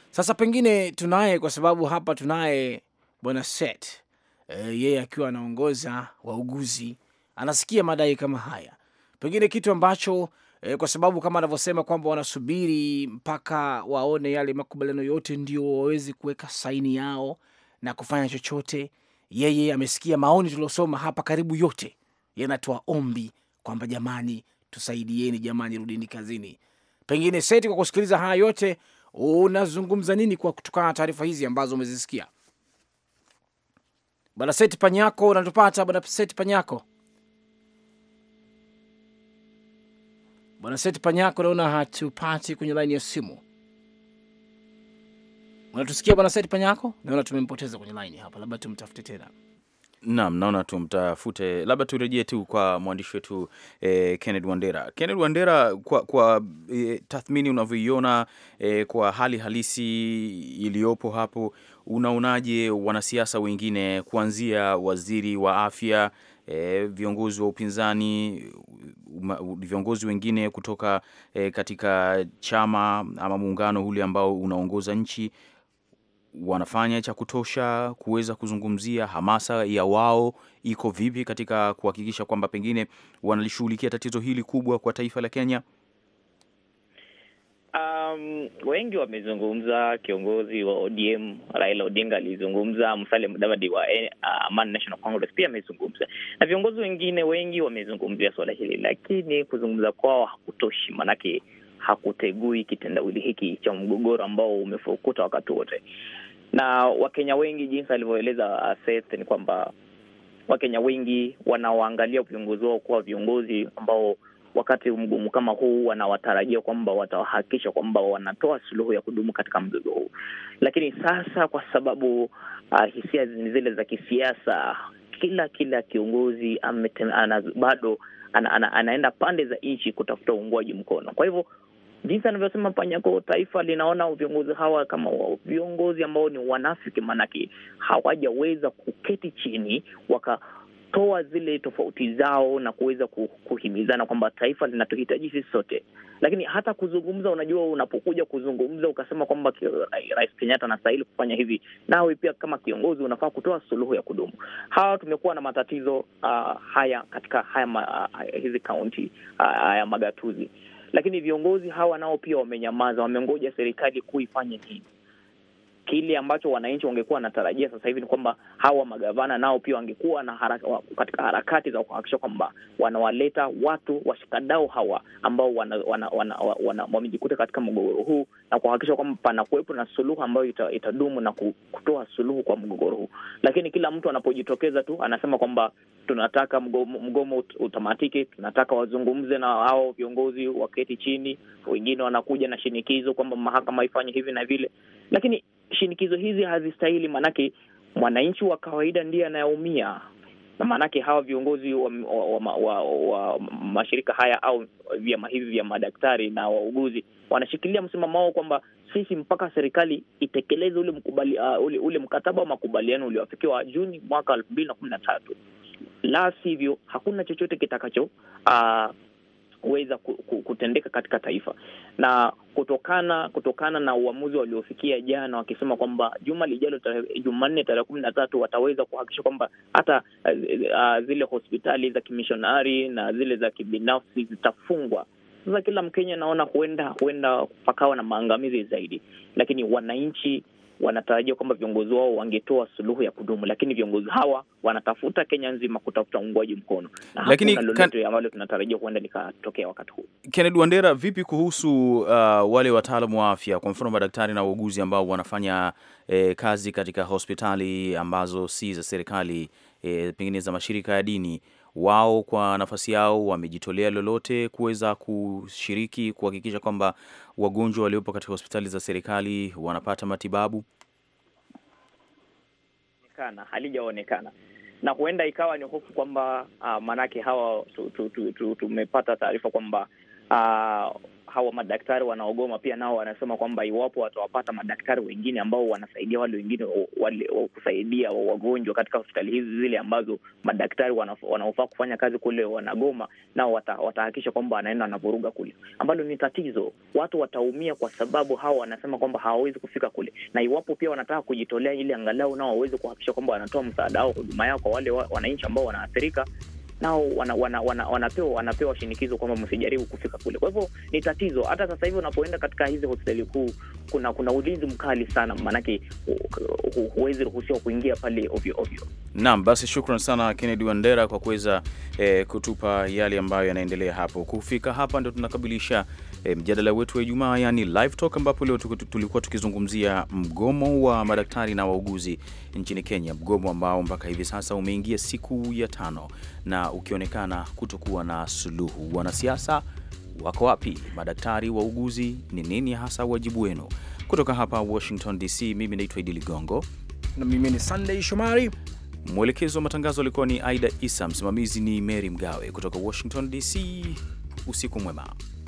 Sasa pengine tunaye, kwa sababu hapa tunaye bwana Set, eh, yeye akiwa anaongoza wauguzi anasikia madai kama haya, pengine kitu ambacho e, kwa sababu kama anavyosema kwamba wanasubiri mpaka waone yale makubaliano yote ndio wawezi kuweka saini yao na kufanya chochote. Yeye amesikia maoni tuliosoma hapa, karibu yote yanatoa ombi kwamba jamani, tusaidieni, jamani, rudini kazini. Pengine Seti, kwa kusikiliza haya yote, unazungumza nini kwa kutokana na taarifa hizi ambazo umezisikia? Bwana Seti Panyako, unatupata? Bwana Seti Panyako. Bwana Seth Panyako, naona hatupati kwenye laini ya simu. Unatusikia Bwana Seth Panyako? Naona tumempoteza kwenye laini hapa, labda tumtafute tena. Naam, naona tumtafute, labda turejee tu kwa mwandishi wetu eh, Kenneth Wandera. Kenneth Wandera, kwa, kwa eh, tathmini unavyoiona eh, kwa hali halisi iliyopo hapo, unaonaje wanasiasa wengine kuanzia waziri wa afya e, viongozi wa upinzani viongozi wengine kutoka e, katika chama ama muungano ule ambao unaongoza nchi wanafanya cha kutosha kuweza kuzungumzia hamasa ya wao iko vipi katika kuhakikisha kwamba pengine wanalishughulikia tatizo hili kubwa kwa taifa la Kenya? Um, wengi wamezungumza. Kiongozi wa ODM Raila Odinga alizungumza, Musalia Mudavadi wa eh, uh, Man National Congress pia amezungumza, na viongozi wengine wengi wamezungumzia suala hili, lakini kuzungumza kwao hakutoshi, maanake hakutegui kitendawili hiki cha mgogoro ambao umefukuta wakati wote, na Wakenya wengi jinsi alivyoeleza uh, Seth ni kwamba Wakenya wengi wanaoangalia viongozi wao kuwa viongozi ambao wakati mgumu kama huu wanawatarajia kwamba watawahakikisha kwamba wanatoa suluhu ya kudumu katika mzozo huu, lakini sasa kwa sababu uh, hisia ni zile za kisiasa, kila kila kiongozi bado ana, ana, anaenda pande za nchi kutafuta uungwaji mkono. Kwa hivyo jinsi anavyosema Panyako, taifa linaona viongozi hawa kama viongozi ambao ni wanafiki, maanake hawajaweza kuketi chini waka kutoa zile tofauti zao na kuweza kuhimizana kwamba taifa linatuhitaji sisi sote, lakini hata kuzungumza, unajua, unapokuja kuzungumza ukasema kwamba Rais Kenyatta anastahili kufanya hivi, nawe pia kama kiongozi unafaa kutoa suluhu ya kudumu. Hawa tumekuwa na matatizo uh, haya katika haya ma, uh, hizi kaunti uh, ah, haya magatuzi, lakini viongozi hawa nao pia wamenyamaza, wamengoja serikali kuu ifanye nini kile ambacho wananchi wangekuwa wanatarajia sasa hivi ni kwamba hawa magavana nao pia wangekuwa na haraka, katika harakati za kuhakikisha kwamba wanawaleta watu washikadau hawa ambao wamejikuta wana, wana, wana, wana, katika mgogoro huu na kuhakikisha kwamba panakuwepo na suluhu ambayo ita, itadumu na kutoa suluhu kwa mgogoro huu. Lakini kila mtu anapojitokeza tu anasema kwamba tunataka mgomo, mgomo utamatike, tunataka wazungumze na hao viongozi waketi chini. Wengine wanakuja na shinikizo kwamba mahakama ifanye hivi na vile lakini shinikizo hizi hazistahili, maanake mwananchi wa kawaida ndiye anayeumia, na maanake hawa viongozi wa, wa, wa, wa, wa mashirika haya au vyama hivi vya madaktari na wauguzi wanashikilia msimamo wao kwamba sisi mpaka serikali itekeleze ule mkubali, uh, ule, ule mkataba wa makubaliano ulioafikiwa Juni mwaka elfu mbili na kumi na tatu, la sivyo hakuna chochote kitakacho uh, kuweza kutendeka katika taifa, na kutokana kutokana na uamuzi waliofikia jana, wakisema kwamba juma lijalo Jumanne tarehe kumi na tatu wataweza kuhakikisha kwamba hata uh, zile hospitali za kimishonari na zile za kibinafsi zitafungwa. Sasa kila Mkenya anaona huenda huenda pakawa na maangamizi zaidi, lakini wananchi wanatarajia kwamba viongozi wao wangetoa suluhu ya kudumu, lakini viongozi hawa wanatafuta Kenya nzima kutafuta uungwaji mkono, na lakini lolote ambalo tunatarajia huenda likatokea wakati huu. Kennedy Wandera, vipi kuhusu uh, wale wataalamu wa afya, kwa mfano madaktari na wauguzi ambao wanafanya eh, kazi katika hospitali ambazo si za serikali eh, pengine za mashirika ya dini wao kwa nafasi yao wamejitolea lolote kuweza kushiriki kuhakikisha kwamba wagonjwa waliopo katika hospitali za serikali wanapata matibabu? Halijaonekana na huenda ikawa ni hofu kwamba uh, ah, maanake hawa tumepata tu, tu, tu, tu taarifa kwamba uh, hawa madaktari wanaogoma pia nao wanasema kwamba iwapo watawapata madaktari wengine ambao wanasaidia wale wengine kusaidia wagonjwa katika hospitali hizi zile ambazo madaktari wanaofaa kufanya kazi kule wanagoma, nao watahakikisha kwamba wanaenda wanavuruga kule, ambalo ni tatizo. Watu wataumia kwa sababu hawa wanasema kwamba hawawezi kufika kule, na iwapo pia wanataka kujitolea, ili angalau nao waweze kuhakikisha kwamba wanatoa msaada au huduma yao kwa wale wananchi ambao wanaathirika nao wanapewa wana, wana, wanapewa wanapewa shinikizo kwamba msijaribu kufika kule. Kwa hivyo ni tatizo. Hata sasa hivi unapoenda katika hizi hospitali kuu, kuna kuna ulinzi mkali sana, maanake huwezi ruhusiwa kuingia pale ovyo ovyo. Naam, basi shukran sana Kennedy Wandera kwa kuweza eh, kutupa yale ambayo yanaendelea hapo. Kufika hapa ndio tunakabilisha e, mjadala wetu wa Ijumaa yani live talk, ambapo leo tulikuwa tukizungumzia mgomo wa madaktari na wauguzi nchini Kenya, mgomo ambao mpaka hivi sasa umeingia siku ya tano na ukionekana kutokuwa na suluhu. Wanasiasa wako wapi? Madaktari, wauguzi, ni nini hasa wajibu wenu? Kutoka hapa Washington DC, mimi naitwa Idi Ligongo na mimi ni Sunday Shomari. Mwelekezi wa matangazo alikuwa ni Aida Isa, msimamizi ni Mary Mgawe. Kutoka Washington DC, usiku mwema.